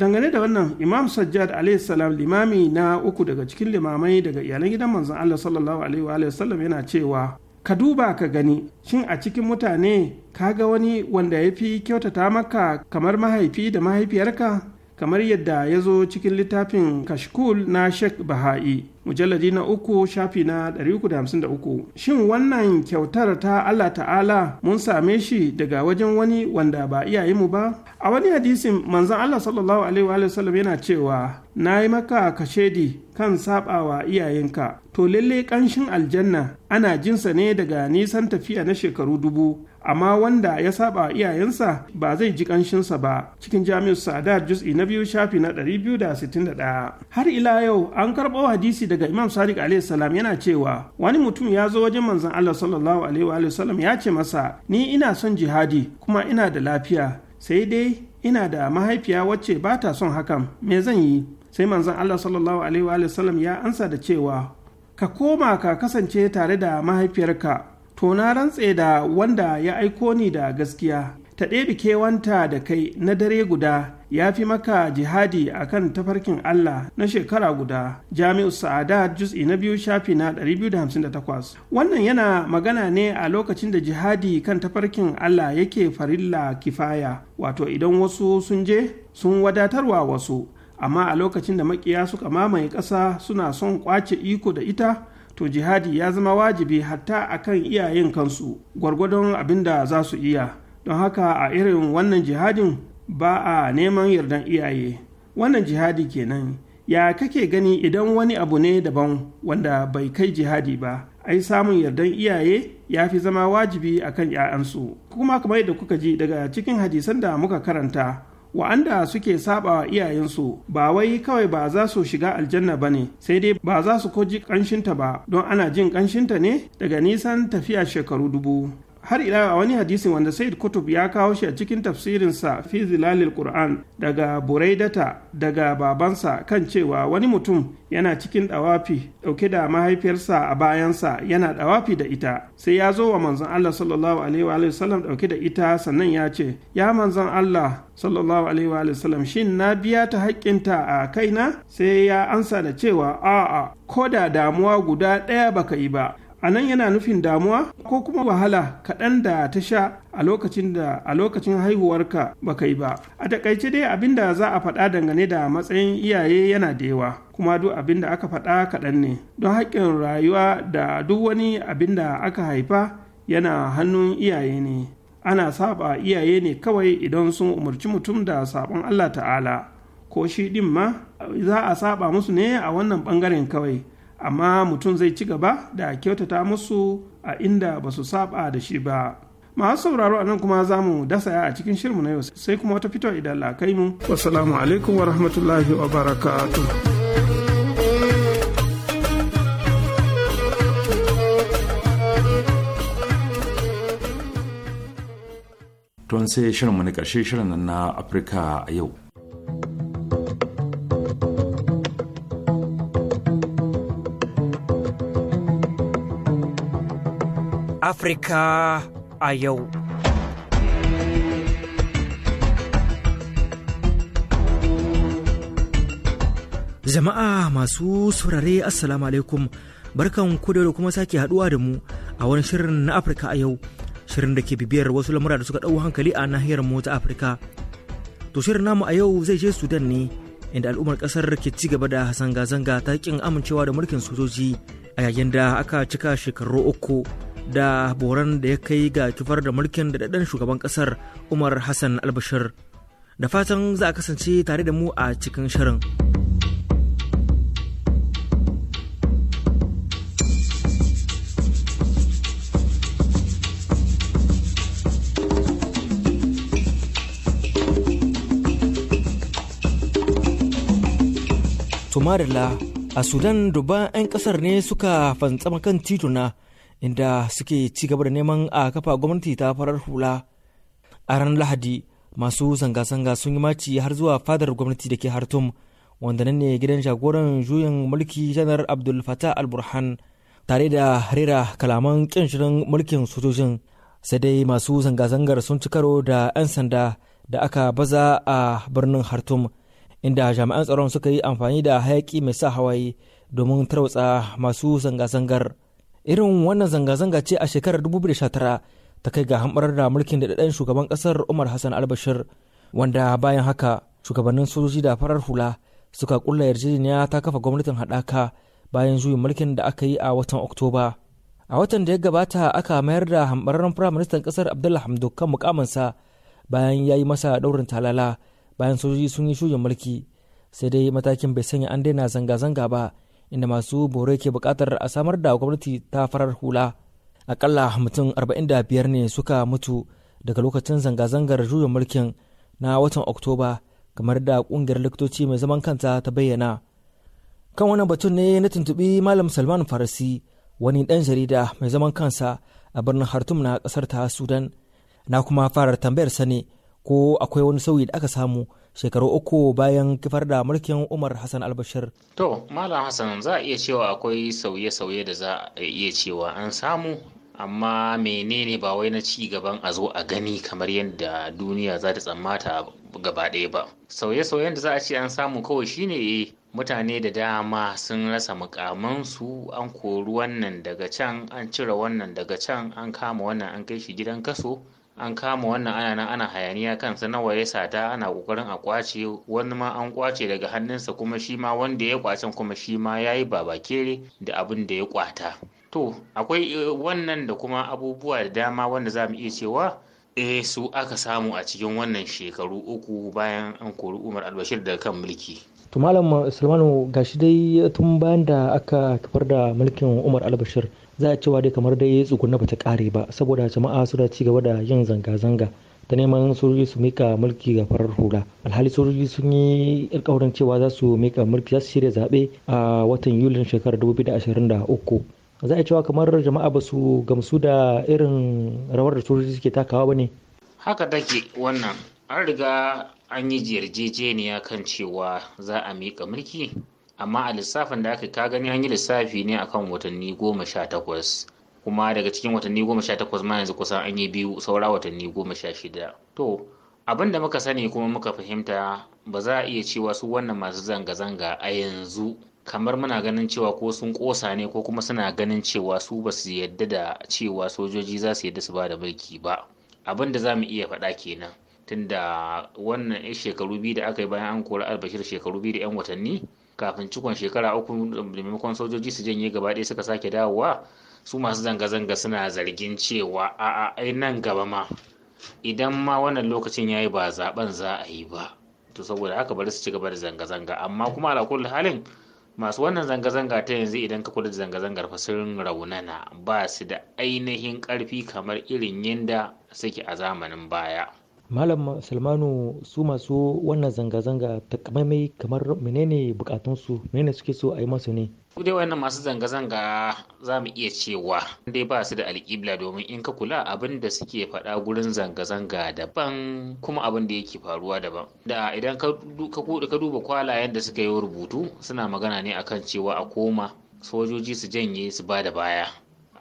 Speaker 10: dangane da wannan imam sajjad alaihissalam limami na uku daga cikin limamai daga iyalan gidan manzon allah sallallahu alaihi wa sallam yana cewa ka duba ka gani shin a cikin mutane ka ga wani wanda ya fi kyautata maka kamar mahaifi da mahaifiyarka kamar yadda ya zo cikin littafin kashkul na sheikh baha'i mujalladi na uku shafi na 353 shin wannan kyautar ta allah ta'ala mun same shi daga wajen wani wanda ba mu ba a wani hadisin manzon allah sallallahu alaihi wa yana cewa na yi maka kashedi kan sabawa iyayenka to lalle kanshin aljanna ana jinsa ne daga nisan tafiya na shekaru dubu amma wanda ya saba wa iyayensa ba zai ji kanshinsa ba cikin jami'ar sadar jus'i na biyu shafi na 261 har ila yau an karɓo hadisi daga imam sadiq alaihi salam yana cewa wani mutum ya zo wajen manzon allah sallallahu alaihi wa ya ce masa ni ina son jihadi kuma ina da lafiya sai dai ina da mahaifiya wacce ba ta son hakan me zan yi sai manzon allah sallallahu alaihi wa ya ansa da cewa ka koma ka kasance tare da mahaifiyarka to na rantse da wanda ya aiko ni da gaskiya ta ɗebi kewanta da kai na dare guda ya fi maka jihadi a kan tafarkin Allah na shekara guda jami'u sa'adat jus'i na biyu shafi na 258 wannan yana magana ne a lokacin da jihadi kan tafarkin Allah yake farilla kifaya wato idan wasu sun je sun wadatarwa wasu amma a lokacin da makiya suka mamaye ƙasa suna son kwace iko da ita to jihadi ya zama wajibi hatta akan iyayen kansu gwargwadon abin da za su iya don haka a irin wannan jihadin ba a neman yardan iyaye wannan jihadi kenan ya kake gani idan wani abu ne daban wanda bai kai jihadi ba ai samun yardan iyaye ya fi zama wajibi akan 'ya'yansu kuma kamar yadda kuka ji daga cikin hadisan da muka karanta wa'anda suke saba wa iyayensu ba wai kawai ba za su shiga aljanna ba ne sai dai ba za su ko ji ƙanshinta ba don ana jin ƙanshinta ne daga nisan tafiya shekaru dubu har ila a wani hadisin wanda said kutub ya kawo shi a cikin tafsirinsa fi zilalil qur'an daga buraidata daga babansa kan cewa wani mutum yana cikin dawafi dauke da mahaifiyarsa a bayansa yana dawafi da ita sai ya zo wa manzon Allah sallallahu alaihi wa sallam dauke da ita sannan ya ce ya manzon Allah sallallahu alaihi wa sallam shin na biya ta haƙƙinta a kaina sai ya ansa da cewa a'a ko da damuwa guda ɗaya baka yi ba a nan yana nufin damuwa ko kuma wahala kaɗan da ta sha a lokacin da a lokacin haihuwarka baka yi ba a takaice dai abin da za a faɗa dangane da matsayin iyaye yana da yawa kuma duk abin da aka faɗa kaɗan ne don haƙƙin rayuwa da duk wani abin da aka haifa yana hannun iyaye ne ana saba iyaye ne kawai idan sun umarci mutum da sabon Allah ta'ala ko shi ɗin ma za a saba musu ne a wannan ɓangaren kawai amma mutum zai ci gaba da kyautata musu a inda ba su saba da shi ba masu sauraro a nan kuma za mu dasa a cikin shirmu na yau sai kuma wata fito idan la kai mu wasalamu alaikum wa rahmatullahi wa barakatuh
Speaker 1: tun sai shirinmu na ƙarshe shirin na afirka a yau
Speaker 2: Afirka a yau. Jama'a masu saurare Assalamu alaikum barkan ku da kuma sake haduwa da mu a wani shirin na Afirka a yau shirin da ke bibiyar wasu lamura da suka ɗau hankali a nahiyar mu ta Afirka. To shirin namu a yau zai je Sudan ne inda al'ummar ƙasar ke ci gaba da zanga-zanga ta kin amincewa da mulkin sojoji a yayin da aka cika shekaru uku da boran da ya kai ga kifar da mulkin da daɗaɗɗen shugaban ƙasar umar hassan albashir da fatan za a kasance tare da mu a cikin shirin tumarila a sudan duba 'yan kasar ne suka fantsama kan tituna inda suke ci gaba da neman a kafa gwamnati ta farar hula a ranar lahadi masu zanga-zanga sun yi maci har zuwa fadar gwamnati da ke hartum wanda nan ne gidan jagoran juyin mulki janar abdul fatah al-burhan tare da rera kalaman kin shirin mulkin sojojin sai dai masu zanga-zangar sun ci karo da 'yan sanda da aka baza a birnin hartum inda jami'an tsaron suka yi amfani da hayaki mai sa hawaye domin tarwatsa masu zanga-zangar irin wannan zanga-zanga ce a shekarar 2019 ta kai ga hamɓarar da mulkin da daɗaɗɗen shugaban ƙasar umar hassan albashir wanda bayan haka shugabannin sojoji da farar hula suka kulla yarjejeniya ta kafa gwamnatin haɗaka bayan juyin mulkin da aka yi a watan oktoba a watan da ya gabata aka mayar da hamɓararren firaministan ƙasar abdullah hamdok kan mukaminsa bayan ya yi masa ɗaurin talala bayan sojoji sun yi shuyin mulki sai dai matakin bai sanya an daina zanga-zanga ba inda masu bore ke bukatar a samar da gwamnati ta farar hula akalla mutum 45 ne suka mutu daga lokacin zanga-zangar juya mulkin na watan oktoba kamar da kungiyar likitoci mai zaman kanta ta bayyana kan wani batun ne na tuntubi malam salman farasi wani dan jarida mai zaman kansa a birnin hartum na kasar ta sudan na kuma fara tambayar sa ko akwai wani sauyi da aka samu shekaru uku bayan kifar da mulkin umar hassan albashir
Speaker 11: to malam hassan za a iya cewa akwai sauye-sauye da za a iya cewa an samu amma menene ba wai na ci gaban a zo a gani kamar yadda duniya za ta tsammata gaba ɗaya ba sauye-sauyen da za a ce an samu kawai shine eh, mutane da dama sun rasa mukamansu an kori wannan daga can an cire wannan daga can an kama wannan an kai shi gidan kaso an kama wannan ana nan ana hayaniya kansa nawa ya sata ana kokarin a kwace wani ma an kwace daga hannunsa kuma shi ma wanda ya kwacen kuma shi ma ya yi babakere da abin da ya kwata to akwai eh, wannan da kuma abubuwa da dama wanda za mu iya cewa eh su aka samu a cikin wannan shekaru uku bayan an kori umar albashir daga kan mulki
Speaker 2: to malam sulmanu gashi dai tun bayan da aka kafar da mulkin umar albashir za a cewa dai kamar dai tsugunna ta kare ba saboda jama'a suna ci gaba da yin zanga-zanga ta neman sojoji su mika mulki ga farar hula alhali sojoji sun yi alkawarin cewa za su mika mulki za su shirya zaɓe a watan yulin shekarar 2023 za a cewa kamar jama'a ba su gamsu da irin rawar da sojoji suke takawa ba ne
Speaker 11: haka take wannan an riga an yi yarjejeniya kan cewa za a mika mulki amma a lissafin da aka ka gani an yi lissafi ne akan watanni goma sha takwas kuma daga cikin watanni goma sha takwas ma yanzu kusan an yi biyu saura watanni goma sha shida to abin da muka sani kuma muka fahimta ba za a iya cewa su wannan masu zanga-zanga a yanzu kamar muna ganin cewa ko sun kosa ne ko kuma suna ganin cewa su ba su yadda da cewa sojoji za su yadda su ba da mulki ba abin da za mu iya faɗa kenan tunda wannan 'yan shekaru biyu da aka yi bayan an kori albashir shekaru biyu da 'yan watanni kafin cikon shekara uku maimakon sojoji su janye gaba ɗaya suka sake dawowa su masu zanga-zanga suna zargin cewa a'a ai nan gaba ma idan ma wannan lokacin ya yi ba zaben za a yi ba to saboda haka bari su ci gaba da zanga-zanga amma kuma ala kulli halin masu wannan zanga-zanga ta yanzu idan ka kula da zanga-zangar fa raunana ba su da ainihin karfi kamar irin yadda suke a zamanin baya
Speaker 2: malam salmanu su masu wannan zanga-zanga takamaimai kamar menene bukatunsu menene suke so a yi masu ne
Speaker 11: su dai wannan masu zanga-zanga za mu iya cewa dai ba su da alƙibla domin in ka kula abin da suke faɗa gurin zanga-zanga daban kuma abin da yake faruwa daban da idan ka duba kwalayen da suka yi rubutu suna magana ne akan cewa a koma sojoji su janye su ba da baya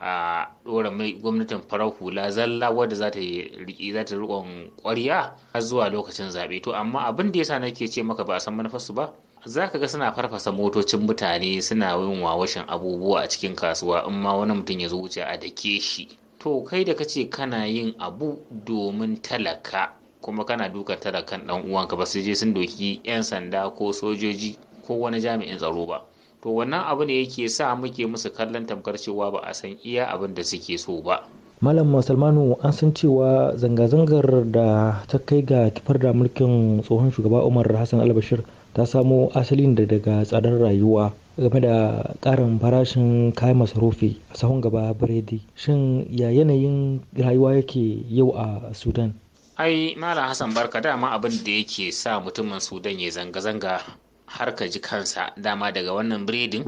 Speaker 11: a ɗora mai gwamnatin farar hula zalla wadda za ta riƙi za ta riƙon ƙwarya har zuwa lokacin zaɓe to amma abin da yasa nake ce maka ba a san manufarsu ba za ka ga suna farfasa motocin mutane suna yin wawashin abubuwa a cikin kasuwa in ma wani mutum ya zo wuce a dake shi to kai da kace kana yin abu domin talaka kuma kana dukan talakan ɗan uwanka ba sai je sun doki 'yan sanda ko sojoji ko wani jami'in tsaro ba to wannan abu ne yake sa muke musu kallon tamkar cewa ba a san iya abin da suke so ba
Speaker 2: malam musulmanu an san cewa zanga-zangar da ta kai ga kifar da mulkin tsohon shugaba umar hassan albashir ta samo asalin da daga tsadar rayuwa game da karin farashin kayan masarufi a sahun gaba biredi shin ya yanayin rayuwa yake yau a sudan
Speaker 11: ai malam hassan barka dama abin da yake sa mutumin sudan ya zanga-zanga har ka ji kansa dama daga wannan biredin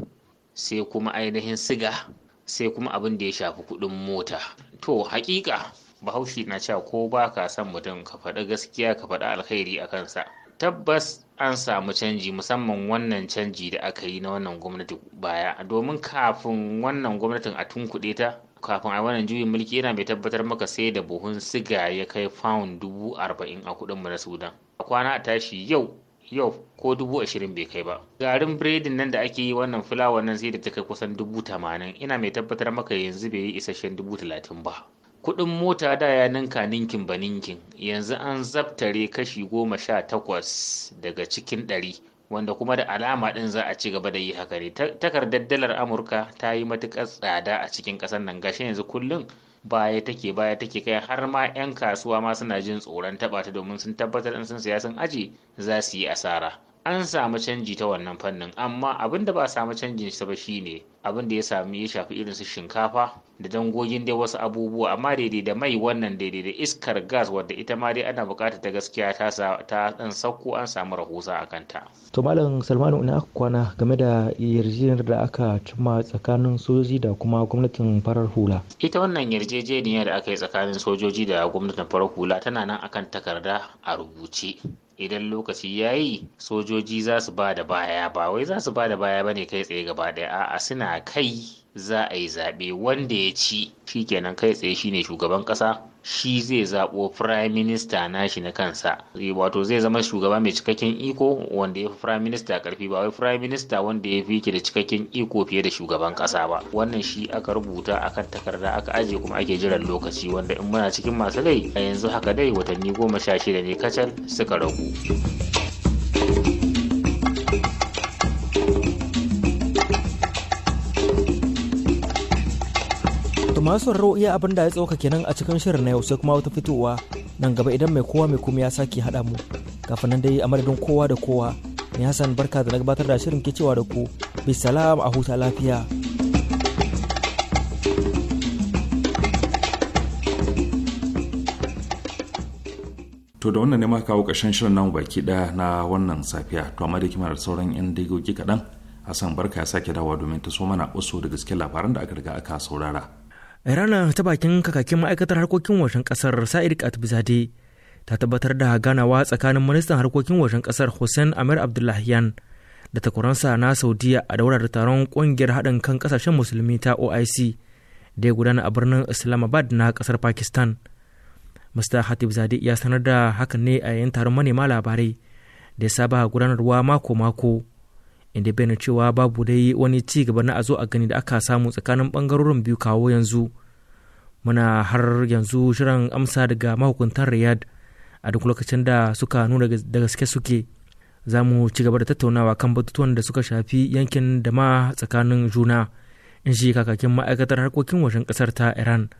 Speaker 11: sai kuma ainihin siga sai kuma abin da ya shafi kuɗin mota to hakika bahaushe na cewa ko ba ka son mutum ka faɗi gaskiya ka faɗi alkhairi a kansa tabbas an samu canji musamman wannan canji da aka yi na wannan gwamnati baya domin kafin wannan gwamnatin a tunkuɗe ta kafin a wannan juyin mulki yana mai tabbatar maka sai da buhun siga ya kai fawun dubu arba'in a kuɗin mu na sudan a kwana a tashi yau yau ko dubu ashirin bai kai ba garin biredin nan da ake yi wannan fulawa nan sai da ta kai kusan dubu tamanin ina mai tabbatar maka yanzu bai yi isasshen dubu talatin ba kuɗin mota da ya ninka ninkin ba ninkin yanzu an zabtare kashi goma sha takwas daga cikin ɗari wanda kuma da alama ɗin za a ci gaba da yi haka ne takardar dalar amurka ta yi matuƙar tsada a cikin ƙasar nan gashi yanzu kullum baya take baya take kai har ma 'yan kasuwa ma suna jin tsoron taɓa ta domin sun tabbatar in sun siya sun aji za su yi asara an samu canji ta wannan fannin amma abin da ba a samu canjin sa ba shine abin da ya sami ya shafi irin su shinkafa da dangogin dai wasu abubuwa amma daidai da mai wannan daidai da iskar gas wadda ita ma dai ana bukata ta gaskiya ta ta dan sauko an samu rahusa a kanta
Speaker 2: to malam salmanu ina aka kwana game da yarjejeniyar da aka cimma tsakanin sojoji da kuma gwamnatin farar hula
Speaker 11: ita wannan yarjejeniyar da aka yi tsakanin sojoji da gwamnatin farar hula tana nan akan takarda a rubuce idan lokaci ya yi sojoji za su ba da baya ba wai za su ba da baya ba ne kai tsaye gaba ɗaya a'a suna kai za a yi zaɓe wanda ya ci shi kenan kai tsaye shine shugaban ƙasa shi zai zaɓo prime nashi na kansa eh, wato zai zama shugaba mai cikakken iko wanda ya fi prime minister karfi ba wai prime wanda ya fi da cikakken iko fiye da shugaban kasa ba wannan shi aka rubuta akan takarda aka aje kuma ake jiran lokaci wanda in muna cikin masu rai a yanzu haka dai watanni goma sha shida ne kacal suka ragu.
Speaker 2: masu sauraro iya abin da ya tsoka kenan a cikin shirin na yau sai kuma wata fitowa nan gaba idan mai kowa mai kuma ya sake haɗa mu kafin nan dai a madadin kowa da kowa ni Hassan barka da na gabatar da shirin ke cewa da ku salam a huta lafiya.
Speaker 1: To da wannan ne ma kawo ƙarshen shirin namu baki ɗaya na wannan safiya to amma da kima da sauran 'yan daigoki kaɗan Hassan barka ya sake dawowa domin ta so mana wasu da gaske labaran da aka riga aka saurara.
Speaker 2: rana ta bakin kakakin ma'aikatar harkokin wajen kasar sa'id katibzade ta tabbatar da ganawa tsakanin ministan harkokin wajen kasar hussein amir abdullahiyan da takwaransa na saudiya a daular taron kungiyar haɗin kan kasashen musulmi ta oic da ya gudana a birnin islamabad na ƙasar pakistan mr zade ya sanar da hakan ne a yayin taron manema labarai da ya saba gudanarwa mako-mako inda bayyana cewa babu dai wani ci gaba na a zo a gani da aka samu tsakanin bangarorin biyu kawo yanzu muna har yanzu shirin amsa daga mahukuntan riyad a duk lokacin da suka nuna da gaske suke za mu ci gaba da tattaunawa kan batutuwan da suka shafi yankin da ma tsakanin juna in shi kakakin ma'aikatar harkokin wajen kasar ta iran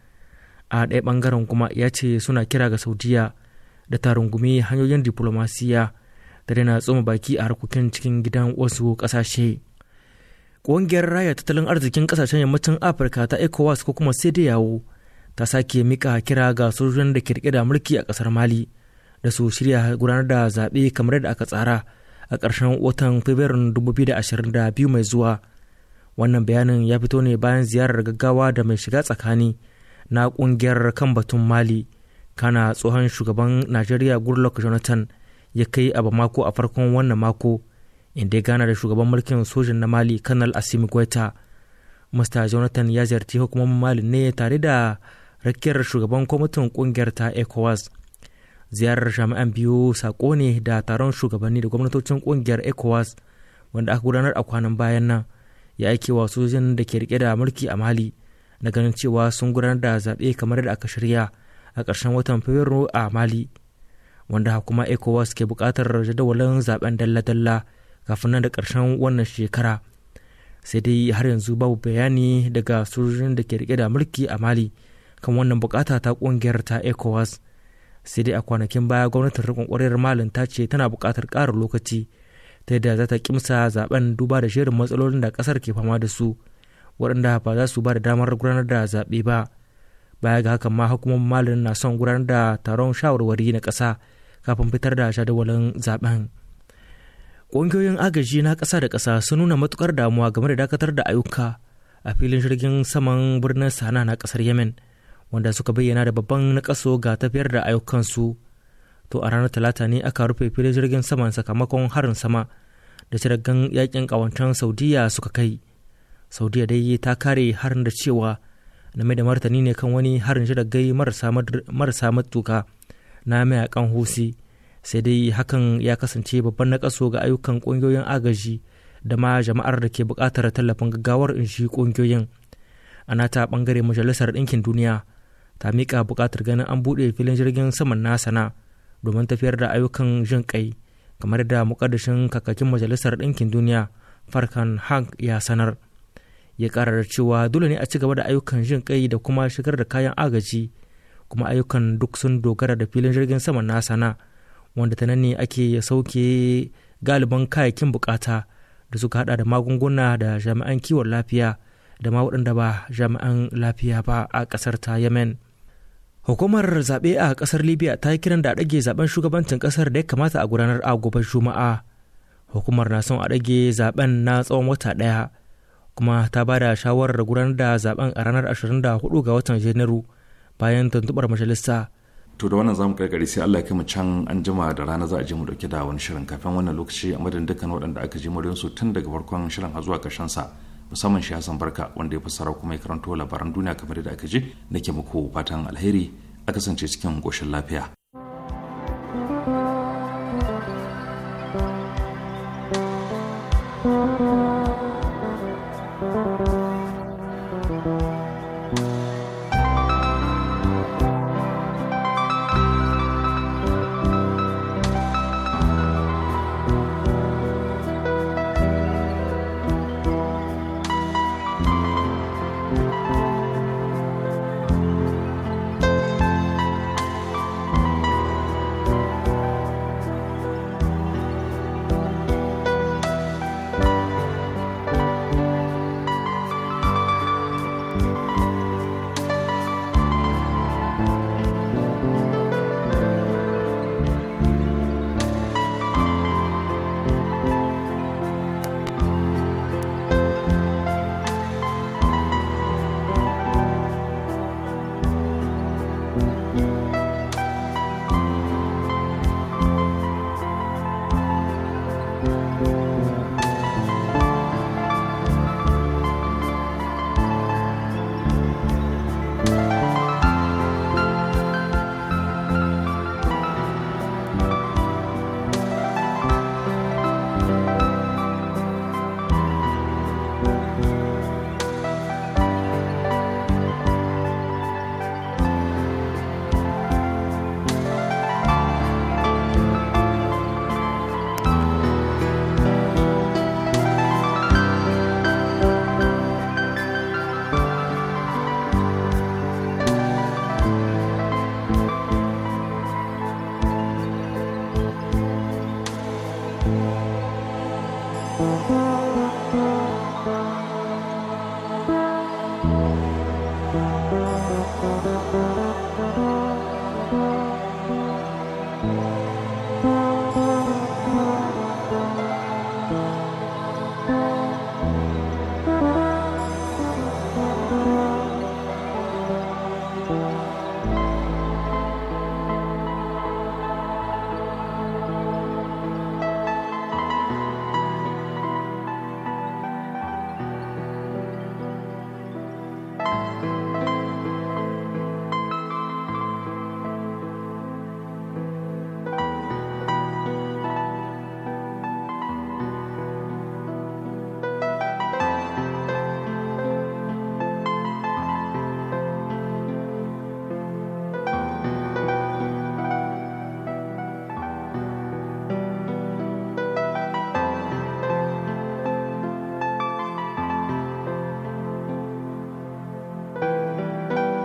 Speaker 2: a ɗaya bangaren kuma ya ce suna kira ga saudiya da ta rungumi hanyoyin diplomasiya da na tsoma baki a harkokin cikin gidan wasu ƙasashe ƙungiyar raya tattalin arzikin ƙasashen yammacin afirka ta ecowas ko kuma sai yawo ta sake mika kira ga sojojin da ke da mulki a ƙasar mali da su shirya gudanar da zaɓe kamar yadda aka tsara a ƙarshen watan fabrairun 2022 mai zuwa wannan bayanin ya fito ne bayan ziyarar gaggawa da mai shiga tsakani na ƙungiyar kan batun mali kana tsohon shugaban najeriya goodluck jonathan ya kai a bamako a farkon wannan mako inda ya gana da shugaban mulkin sojin na mali kanal asimi gwaita mr jonathan ya ziyarci hukumomin mali ne tare da rakiyar shugaban kwamitin kungiyar ta ecowas ziyarar jami'an biyu sako ne da taron shugabanni da gwamnatocin kungiyar ecowas wanda aka gudanar a kwanan bayan nan ya aike wa sojojin da ke rike da mulki a mali na ganin cewa sun gudanar da zaɓe kamar da aka shirya a ƙarshen watan fabrairu a mali wanda kuma ecowas ke buƙatar jadawalin zaben dalla-dalla kafin nan da karshen wannan shekara sai dai har yanzu babu bayani daga sojojin da ke rike da mulki a mali kan wannan bukata ta kungiyar ta ecowas sai dai a kwanakin baya gwamnatin rikon ƙwarewar malin ta ce tana bukatar ƙarin lokaci ta yadda za ta kimsa zaben duba da shirin matsalolin da ƙasar ke fama da su waɗanda ba za su ba da damar gudanar da zaɓe ba baya ga hakan ma hukumomin malin na son gudanar da taron shawarwari na ƙasa kafin fitar da jadawalin zaben ƙungiyoyin agaji na ƙasa da ƙasa sun nuna matukar damuwa game da dakatar da ayyuka a filin jirgin saman birnin sana na ƙasar yemen wanda suka bayyana da babban nakaso ga tafiyar da ayyukansu to a ranar talata ne aka rufe filin jirgin saman sakamakon harin sama da jiragen yakin ƙawancen saudiya suka kai saudiya dai ta kare harin da cewa na mai da martani ne kan wani harin jiragai marasa matuka na mayakan husi sai dai hakan ya kasance babban nakaso ga ayyukan ƙungiyoyin agaji da ma jama'ar da ke buƙatar tallafin gaggawar in shi ƙungiyoyin ana ta ɓangare majalisar ɗinkin duniya ta miƙa buƙatar ganin an buɗe filin jirgin saman na domin tafiyar da ayyukan jin kai kamar da muƙaddashin kakakin majalisar ɗinkin duniya farkan hank ya sanar. ya karar cewa dole ne a ci gaba da ayyukan jin kai da kuma shigar da kayan agaji kuma ayyukan duk sun dogara da filin jirgin saman na sana wanda ta nan ne ake sauke galiban kayakin bukata da suka hada da magunguna da jami'an kiwon lafiya da ma waɗanda ba jami'an lafiya ba a ƙasar ta yemen hukumar zaɓe a ƙasar libya ta yi kiran da a ɗage zaben shugabancin ƙasar da ya kamata a gudanar a gobe juma'a hukumar na son a ɗage zaɓen na tsawon wata ɗaya kuma ta ba da shawarar gudanar da zaben a ranar 24 ga watan janairu bayan tuntubar majalisa
Speaker 1: to da wannan zamu kai sai Allah ya mu can an jima da rana za a je mu dauke da wani shirin kafin wannan lokaci a madadin dukkan waɗanda aka je murin su tun daga farkon shirin har zuwa karshen sa musamman shi Hassan Barka wanda ya fassara kuma ya karanto labaran duniya kamar da aka je nake muku fatan alheri a kasance cikin koshin lafiya